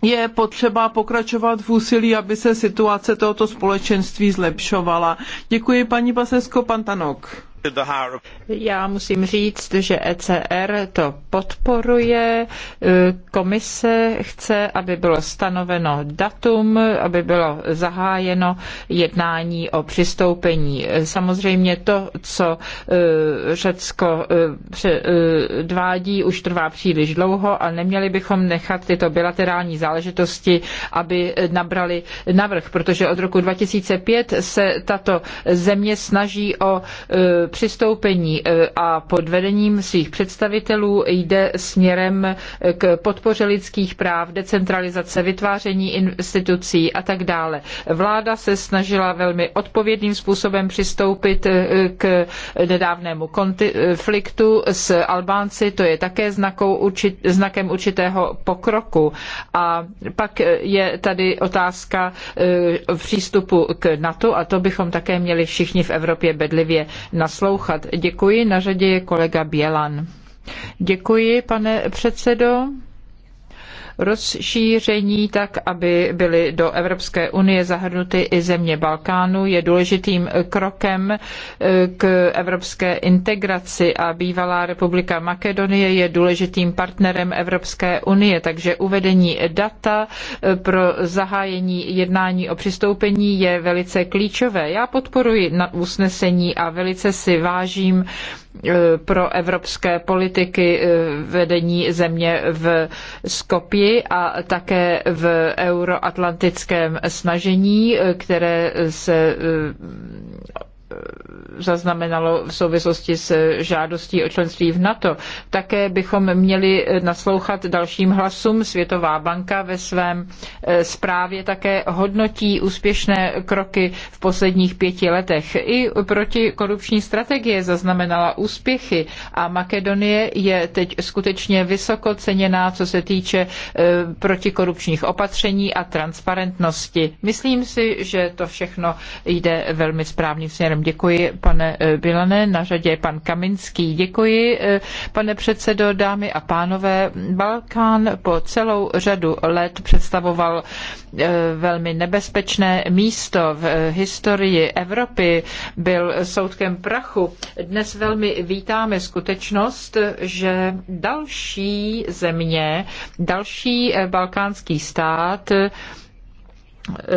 je potřeba pokračovat v úsilí, aby se situace tohoto společenství zlepšovala. Děkuji paní Pasesko, pan já musím říct, že ECR to podporuje. E, komise chce, aby bylo stanoveno datum, aby bylo zahájeno jednání o přistoupení. Samozřejmě to, co e, Řecko e, dvádí, už trvá příliš dlouho a neměli bychom nechat tyto bilaterální záležitosti, aby nabrali navrh, protože od roku 2005 se tato země snaží o přistoupení eh, a pod vedením svých představitelů jde směrem eh, k podpoře lidských práv, decentralizace, vytváření institucí a tak dále. Vláda se snažila velmi odpovědným způsobem přistoupit eh, k nedávnému konfliktu s Albánci, to je také znakem určitého pokroku. A pak je tady otázka přístupu k NATO a to bychom také měli všichni v Evropě bedlivě naslouchat poslouchat. Děkuji, na řadě je kolega Bělan. Děkuji, pane předsedo rozšíření tak, aby byly do Evropské unie zahrnuty i země Balkánu, je důležitým krokem eh, k evropské integraci a bývalá republika Makedonie je důležitým partnerem Evropské unie, takže uvedení data eh, pro zahájení jednání o přistoupení je velice klíčové. Já podporuji na usnesení a velice si vážím Eh, pro evropské politiky eh, vedení země v Skopji a také v euroatlantickém snažení, eh, které se zaznamenalo v souvislosti s žádostí o členství v NATO. Také bychom měli naslouchat dalším hlasům. Světová banka ve svém eh, zprávě také hodnotí úspěšné kroky v posledních pěti letech. I protikorupční strategie zaznamenala úspěchy a Makedonie je teď skutečně vysoko ceněná, co se týče eh, protikorupčních opatření a transparentnosti. Myslím si, že to všechno jde velmi správným směrem. Děkuji, pane eh, Bilane. Na řadě je pan Kaminský. Děkuji, eh, pane předsedo, dámy a pánové. Balkán po celou řadu let představoval eh, velmi nebezpečné místo v historii Evropy. Byl soudkem prachu. Dnes velmi vítáme skutečnost, že další země, další balkánský stát Eh,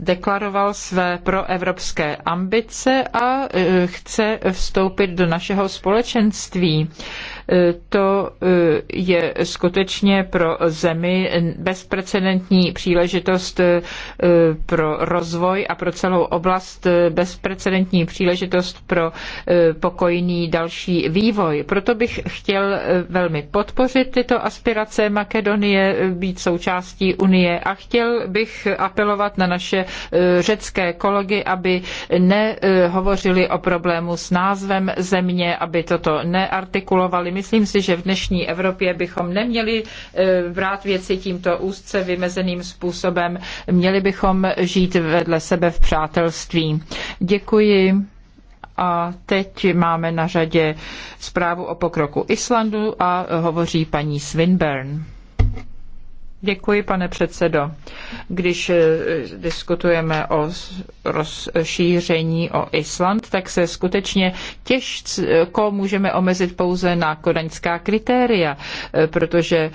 deklaroval své proevropské ambice a eh, chce vstoupit do našeho společenství. Eh, to je skutečně pro zemi bezprecedentní příležitost pro rozvoj a pro celou oblast bezprecedentní příležitost pro pokojný další vývoj. Proto bych chtěl velmi podpořit tyto aspirace Makedonie být součástí Unie a chtěl bych apelovat na naše e, řecké kolegy, aby nehovořili o problému s názvem země, aby toto neartikulovali. Myslím si, že v dnešní Evropě bychom neměli e, brát věci tímto úzce vymezeným způsobem. Měli bychom žít vedle sebe v přátelství. Děkuji. A teď máme na řadě zprávu o pokroku Islandu a hovoří paní Swinburne. Děkuji, pane předsedo. Když eh, diskutujeme o rozšíření o Island, tak se skutečně těžko můžeme omezit pouze na kodaňská kritéria, eh, protože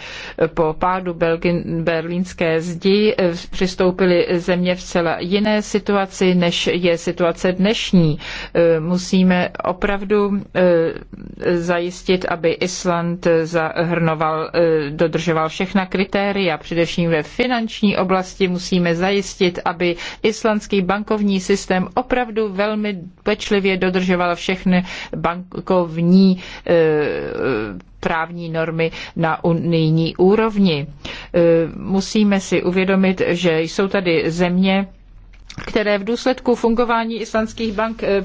po pádu Belgin, berlínské zdi eh, přistoupily země v celé jiné situaci, než je situace dnešní. Musíme opravdu zajistit, aby Island zahrnoval, dodržoval všechna kritéria především ve finanční oblasti musíme zajistit, aby islandský bankovní systém opravdu velmi pečlivě dodržoval všechny bankovní e, e, právní normy na unijní úrovni. E, musíme si uvědomit, že jsou tady země, které v důsledku fungování islandských bank eh,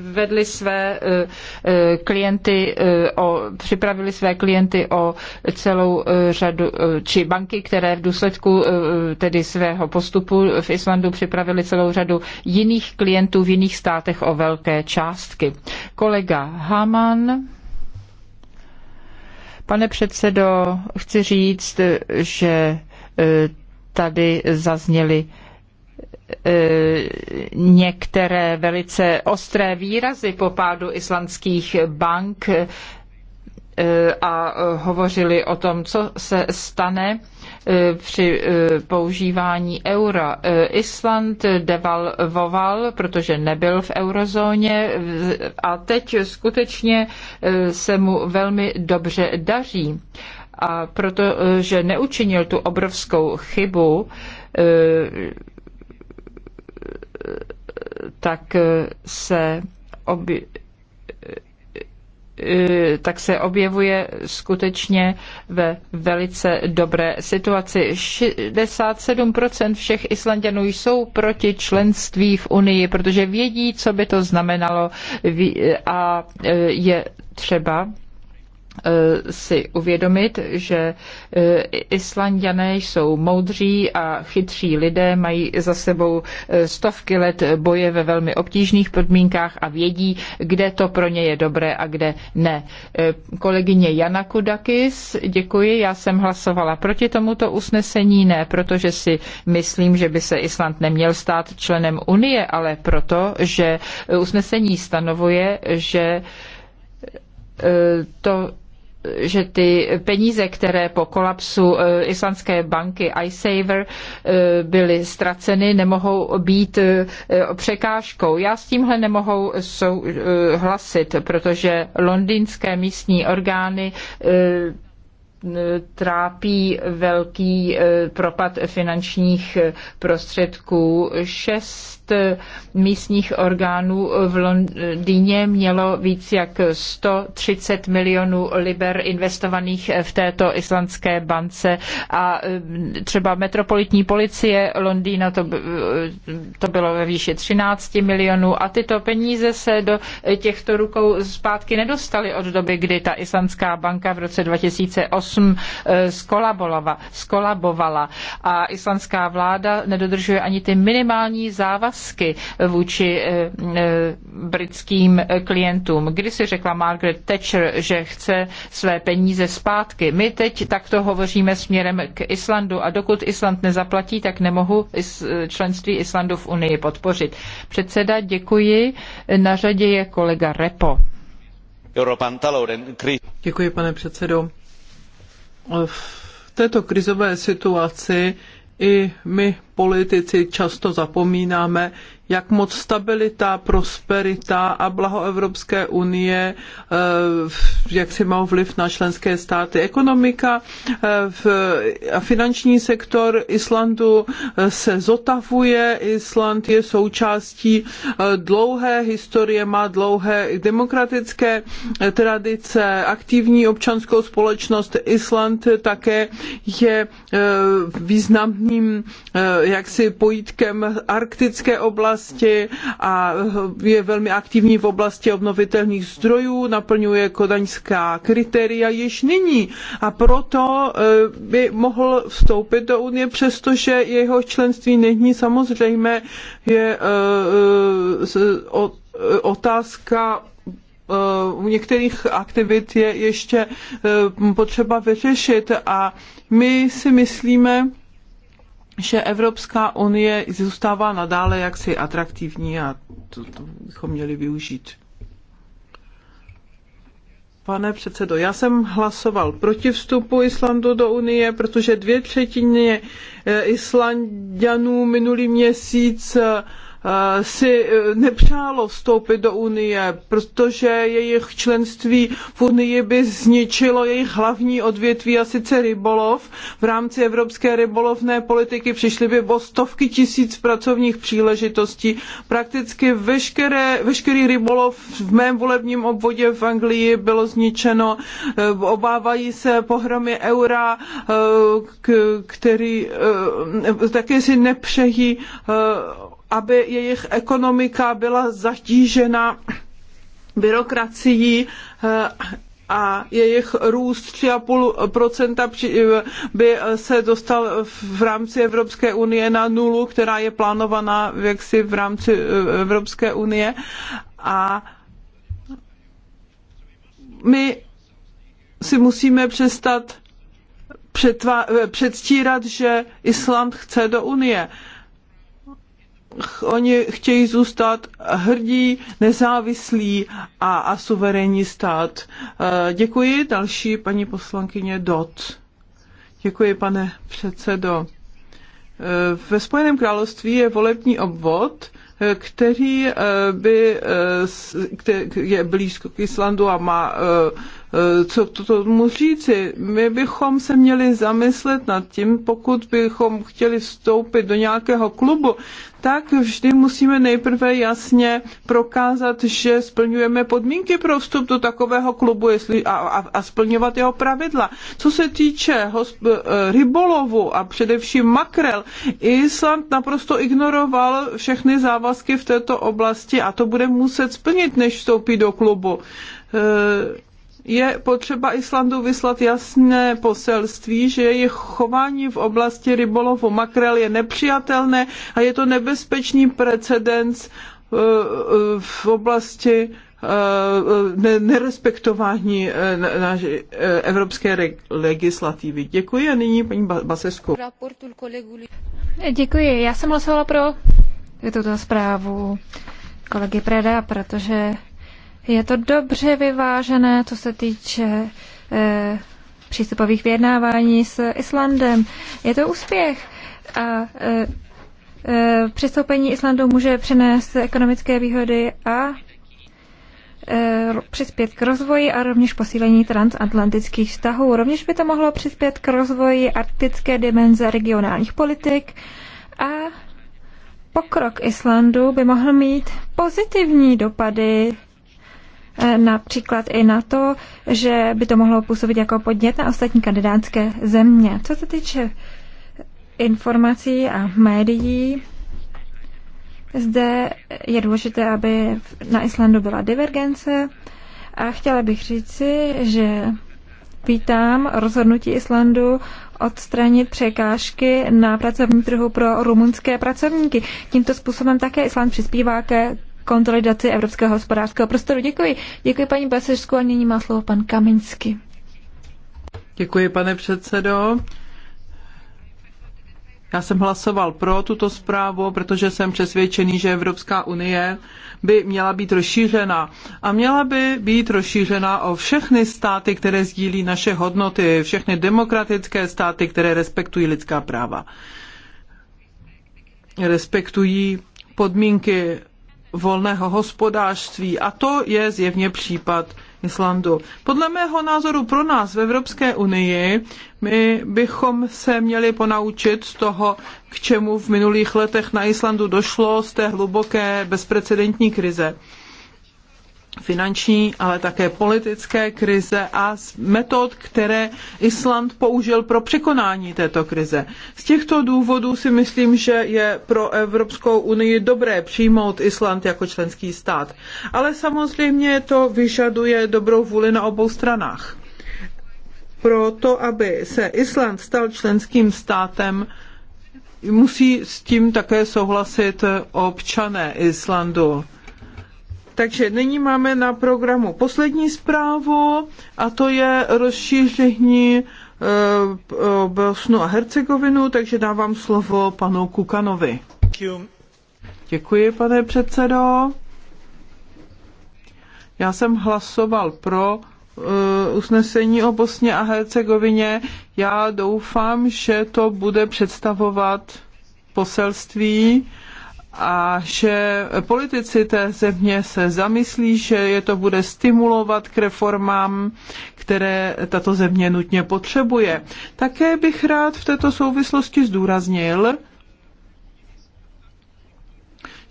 vedly své eh, eh, klienty, o, připravili své klienty o celou řadu, či banky, které v důsledku tedy svého postupu v Islandu připravili celou řadu jiných klientů v jiných státech o velké částky. Kolega Haman. Pane předsedo, chci říct, že tady zazněly E, některé velice ostré výrazy po pádu islandských bank e, a hovořili o tom, co se stane e, při používání eura. Island devalvoval, protože nebyl v eurozóně a teď skutečně se mu velmi dobře daří. A protože neučinil tu obrovskou chybu, tak se obě, tak se objevuje skutečně ve velice dobré situaci. 67% všech Islandianů jsou proti členství v Unii, protože vědí, co by to znamenalo a e, je třeba Eh, si uvědomit, že eh, Islandiané jsou moudří a chytří lidé, mají za sebou eh, stovky let boje ve velmi obtížných podmínkách a vědí, kde to pro ně je dobré a kde ne. Kolegyně Jana Kudakis, děkuji, já jsem hlasovala proti tomuto usnesení, ne protože si myslím, že by se Island neměl stát členem Unie, ale proto, že usnesení stanovuje, že to že ty peníze, které po kolapsu e, islandské banky iSaver e, byly ztraceny, nemohou být e, překážkou. Já s tímhle nemohou souhlasit, protože londýnské místní orgány trápí velký propad finančních prostředků. 6 Eh, místních orgánů v Londýně mělo víc jak 130 milionů liber investovaných eh, v této islandské bance a eh, třeba metropolitní policie Londýna to, to bylo ve výši 13 milionů a tyto peníze se do těchto rukou zpátky nedostaly od doby, kdy ta islandská banka v roce 2008 skolabovala. skolabovala a islandská vláda nedodržuje ani ty minimální závazky lásky vůči eh, eh, britským klientům. Když si řekla Margaret Thatcher, že chce své peníze zpátky, my teď takto hovoříme směrem k Islandu a dokud Island nezaplatí, tak nemohu eh, členství Islandu v Unii podpořit. Předseda, děkuji. Na řadě je kolega Repo. Děkuji, pane předsedo. V této krizové situaci i my politici často zapomínáme, jak moc stabilita, prosperita a blaho Evropské unie eh, jak si má vliv na členské státy. Ekonomika eh, a finanční sektor Islandu eh, se zotavuje. Island je součástí dlouhé historie, má dlouhé demokratické tradice, aktivní občanskou společnost. Island také je významným jaksi pojítkem arktické oblasti oblasti a je velmi aktivní v oblasti obnovitelných zdrojů, naplňuje kodaňská kritéria již nyní a proto eh, by mohl vstoupit do Unie, přestože jeho členství není samozřejmé, je eh, eh, otázka u některých aktivit je ještě potřeba vyřešit a my si myslíme, že Evropská unie zůstává nadále jaksi atraktivní a to, to bychom měli využít. Pane předsedo, já jsem hlasoval proti vstupu Islandu do Unie, protože dvě třetiny eh, Islandianů minulý měsíc eh, Eh, si eh, nepřálo vstoupit do Unie, protože jejich členství v Unii by zničilo jejich hlavní odvětví a sice rybolov. V rámci evropské rybolovné politiky přišly by o stovky tisíc pracovních příležitostí. Prakticky veškeré, veškerý rybolov v mém volebním obvodě v Anglii bylo zničeno. Eh, obávají se pohromy eura, který také si nepřejí aby jejich ekonomika byla zatížena byrokracií eh, a jejich růst 3,5% by se dostal v rámci Evropské unie na nulu, která je plánovaná jaksi v rámci eh, Evropské unie. A my si musíme přestat eh, předstírat, že Island chce do unie. Uh, oni chtějí zůstat hrdí, nezávislí a, a suverénní stát. Eh, děkuji. Další paní poslankyně Dot. Děkuji, pane předsedo. Eh, ve Spojeném království je volební obvod, eh, který by je blízko k Islandu a má Eh, co to tomu říci. My bychom se měli zamyslet nad tím, pokud bychom chtěli vstoupit do nějakého klubu, tak vždy musíme nejprve jasně prokázat, že splňujeme podmínky pro vstup do takového klubu jestli, a, a, a splňovat jeho pravidla. Co se týče hosp, eh, rybolovu a především makrel, Island naprosto ignoroval všechny závazky v této oblasti a to bude muset splnit, než vstoupí do klubu. E je potřeba Islandu vyslat jasné poselství, že jejich chování v oblasti rybolovu makrel je nepřijatelné a je to nebezpečný precedens eh, eh, v oblasti eh, nerespektování evropské legislativy. Děkuji a nyní paní Basesku. Děkuji. Já jsem hlasovala pro tuto zprávu kolegy Preda, protože je to dobře vyvážené, co se týče e, přístupových vyjednávání s Islandem. Je to úspěch. A e, e, přistoupení Islandu může přinést ekonomické výhody a přispět k rozvoji a rovněž posílení transatlantických vztahů. Rovněž by to mohlo přispět k rozvoji arktické dimenze regionálních politik a pokrok Islandu by mohl mít pozitivní dopady například i na to, že by to mohlo působit jako podnět na ostatní kandidátské země. Co se týče informací a médií, zde je důležité, aby na Islandu byla divergence a chtěla bych říci, že vítám rozhodnutí Islandu odstranit překážky na pracovním trhu pro rumunské pracovníky. Tímto způsobem také Island přispívá ke konsolidaci Evropského hospodářského prostoru. Děkuji. Děkuji paní Beseřsku a nyní má slovo pan Kaminsky. Děkuji, pane předsedo. Já jsem hlasoval pro tuto zprávu, protože jsem přesvědčený, že Evropská unie by měla být rozšířena. A měla by být rozšířena o všechny státy, které sdílí naše hodnoty, všechny demokratické státy, které respektují lidská práva. Respektují podmínky volného hospodářství a to je zjevně případ Islandu. Podle mého názoru pro nás v Evropské unii my bychom se měli ponaučit z toho, k čemu v minulých letech na Islandu došlo z té hluboké bezprecedentní krize finanční, ale také politické krize a metod, které Island použil pro překonání této krize. Z těchto důvodů si myslím, že je pro Evropskou unii dobré přijmout Island jako členský stát. Ale samozřejmě to vyžaduje dobrou vůli na obou stranách. Pro to, aby se Island stal členským státem, musí s tím také souhlasit občané Islandu takže nyní máme na programu poslední zprávu a to je rozšíření e, Bosnu a Hercegovinu, takže dávám slovo panu Kukanovi. Děkuji, pane předsedo. Já jsem hlasoval pro e, usnesení o Bosně a Hercegovině. Já doufám, že to bude představovat poselství, a že politici té země se zamyslí, že je to bude stimulovat k reformám, které tato země nutně potřebuje. Také bych rád v této souvislosti zdůraznil,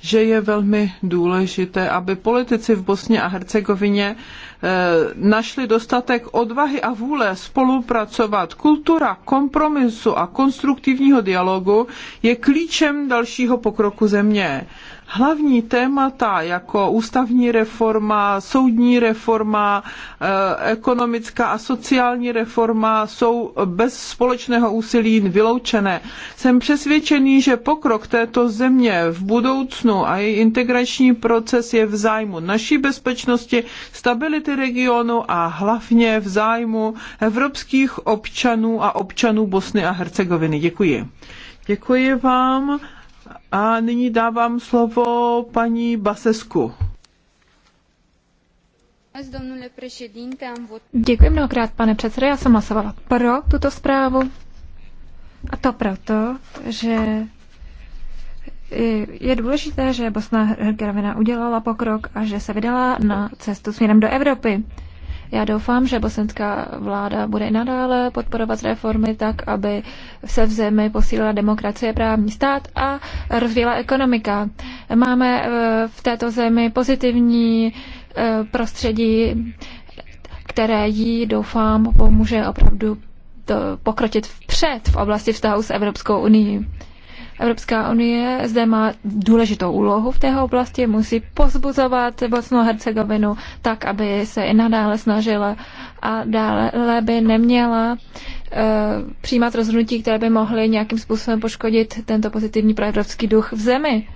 že je velmi důležité, aby politici v Bosně a Hercegovině eh, našli dostatek odvahy a vůle spolupracovat. Kultura kompromisu a konstruktivního dialogu je klíčem dalšího pokroku země hlavní témata jako ústavní reforma, soudní reforma, eh, ekonomická a sociální reforma jsou bez společného úsilí vyloučené. Jsem přesvědčený, že pokrok této země v budoucnu a její integrační proces je v zájmu naší bezpečnosti, stability regionu a hlavně v zájmu evropských občanů a občanů Bosny a Hercegoviny. Děkuji. Děkuji vám. A nyní dávám slovo paní Basesku. Děkuji mnohokrát, pane předsedo. Já jsem hlasovala pro tuto zprávu. A to proto, že je důležité, že Bosna Hercegovina udělala pokrok a že se vydala na cestu směrem do Evropy. Já doufám, že bosenská vláda bude i nadále podporovat reformy tak, aby se v zemi posílila demokracie, právní stát a rozvíjela ekonomika. Máme eh, v této zemi pozitivní eh, prostředí, které jí, doufám, pomůže opravdu pokročit vpřed v oblasti vztahu s Evropskou unii. Evropská unie zde má důležitou úlohu v této oblasti, musí pozbuzovat Bosnu a Hercegovinu tak, aby se i nadále snažila a dále by neměla uh, přijímat rozhodnutí, které by mohly nějakým způsobem poškodit tento pozitivní proevropský duch v zemi.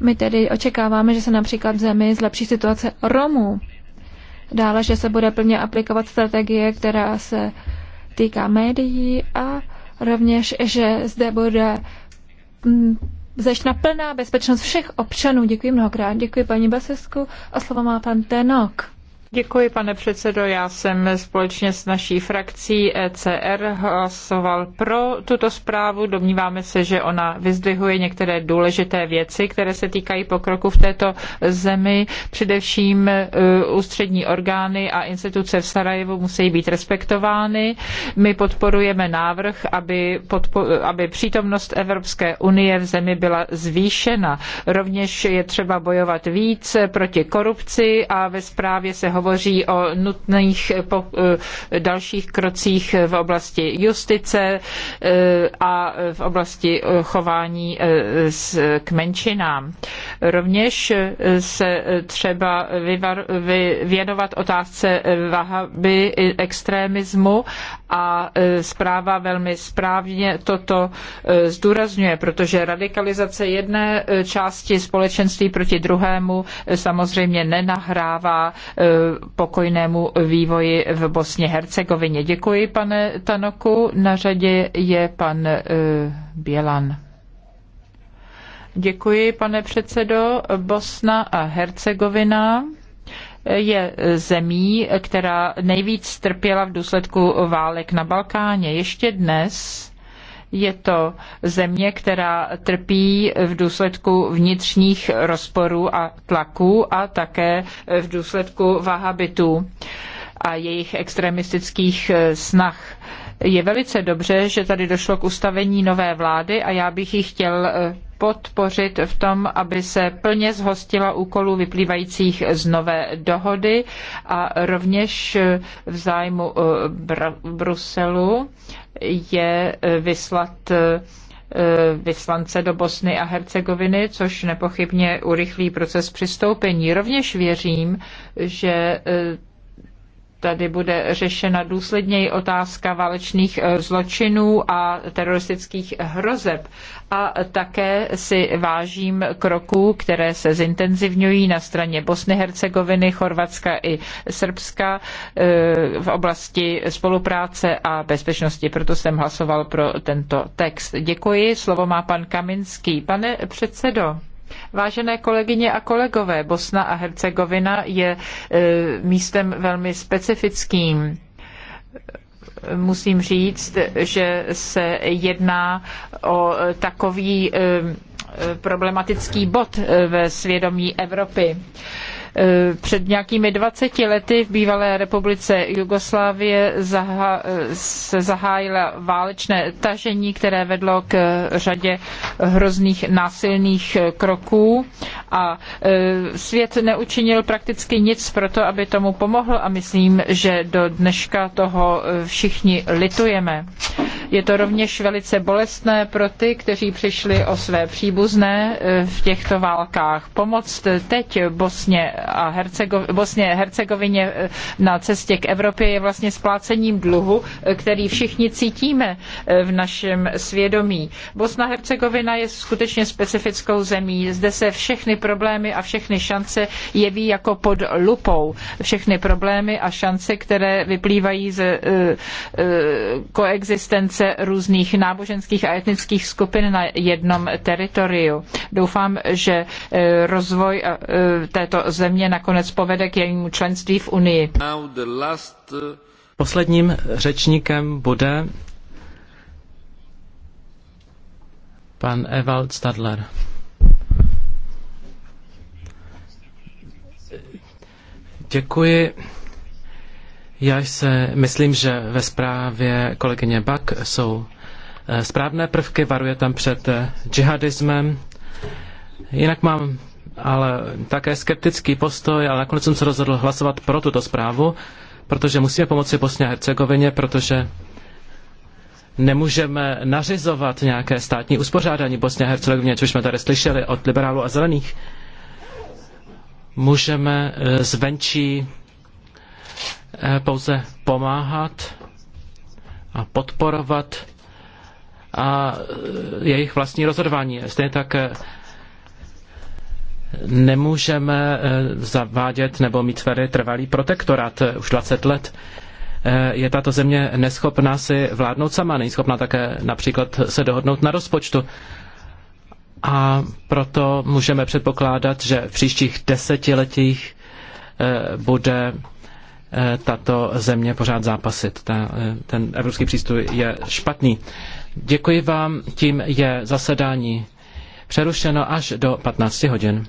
My tedy očekáváme, že se například v zemi zlepší situace Romů. Dále, že se bude plně aplikovat strategie, která se týká médií a rovněž, že zde bude mm, zajištěna plná bezpečnost všech občanů. Děkuji mnohokrát. Děkuji paní Basesku a slovo má pan Tenok. Děkuji, pane předsedo. Já jsem společně s naší frakcí ECR hlasoval pro tuto zprávu. Domníváme se, že ona vyzdvihuje některé důležité věci, které se týkají pokroku v této zemi. Především e, ústřední orgány a instituce v Sarajevu musí být respektovány. My podporujeme návrh, aby, podpo- aby přítomnost Evropské unie v zemi byla zvýšena. Rovněž je třeba bojovat víc proti korupci a ve zprávě se hovoří o nutných eh, dalších krocích v oblasti justice eh, a v oblasti eh, chování k menšinám. Rovněž se třeba věnovat otázce vahaby extrémismu a zpráva velmi správně toto zdůrazňuje, protože radikalizace jedné části společenství proti druhému samozřejmě nenahrává pokojnému vývoji v Bosně Hercegovině. Děkuji, pane Tanoku. Na řadě je pan eh, Bělan. Děkuji, pane předsedo. Bosna a Hercegovina eh, je eh, zemí, která nejvíc trpěla v důsledku válek na Balkáně. Ještě dnes je to země, která trpí v důsledku vnitřních rozporů a tlaků a také v důsledku vahabitů a jejich extremistických eh, snah. Je velice dobře, že tady došlo k ustavení nové vlády a já bych ji chtěl eh, podpořit v tom, aby se plně zhostila úkolů vyplývajících z nové dohody a rovněž eh, v zájmu Bruselu je eh, vyslat eh, eh, vyslance do Bosny a Hercegoviny, což nepochybně urychlí proces přistoupení. Rovněž věřím, že tady bude řešena důsledněji otázka válečných eh, zločinů a teroristických hrozeb. A také si vážím kroků, které se zintenzivňují na straně Bosny, Hercegoviny, Chorvatska i Srbska eh, v oblasti spolupráce a bezpečnosti. Proto jsem hlasoval pro tento text. Děkuji. Slovo má pan Kaminský. Pane předsedo, Vážené kolegyně a kolegové, Bosna a Hercegovina je e, místem velmi specifickým musím říct, že se jedná o takový e, e, problematický bod ve svědomí Evropy. Eh, před nějakými 20 lety v bývalé republice Jugoslávie eh, se zahájila válečné tažení, které vedlo k eh, řadě hrozných násilných kroků a svět neučinil prakticky nic pro to, aby tomu pomohl a myslím, že do dneška toho všichni litujeme. Je to rovněž velice bolestné pro ty, kteří přišli o své příbuzné eh, v těchto válkách. Pomoc teď Bosně a Hercego- Bosně Hercegovině eh, na cestě k Evropě je vlastně splácením dluhu, eh, který všichni cítíme v našem svědomí. Bosna a Hercegovina je skutečně specifickou zemí. Zde se všechny problémy a všechny šance jeví jako pod lupou. Všechny problémy a šance, které vyplývají z koexistence existence různých náboženských a etnických skupin na jednom teritoriu. Doufám, že e, rozvoj e, této země nakonec povede k jejímu členství v Unii. E, Posledním řečníkem bude pan Ewald Stadler. Děkuji. Já se myslím, že ve zprávě kolegyně Bak jsou eh, správné prvky, varuje tam před eh, džihadismem. Jinak mám ale také skeptický postoj, ale nakonec jsem se rozhodl hlasovat pro tuto zprávu, protože musíme pomoci Bosně a Hercegovině, protože nemůžeme nařizovat nějaké státní uspořádání Bosně a Hercegovině, což jsme tady slyšeli od liberálů a zelených. Můžeme eh, zvenčí Eh, pouze pomáhat a podporovat a eh, jejich vlastní rozhodování. Stejně tak eh, nemůžeme zavádět nebo mít tady trvalý protektorát už 20 let. Je tato země neschopná si vládnout sama, není schopná také například se dohodnout na rozpočtu. A proto můžeme předpokládat, že v příštích desetiletích bude Eh, tato země pořád zápasit. Ta, eh, ten evropský přístup je špatný. Děkuji vám, tím je zasedání přerušeno až do 15 hodin.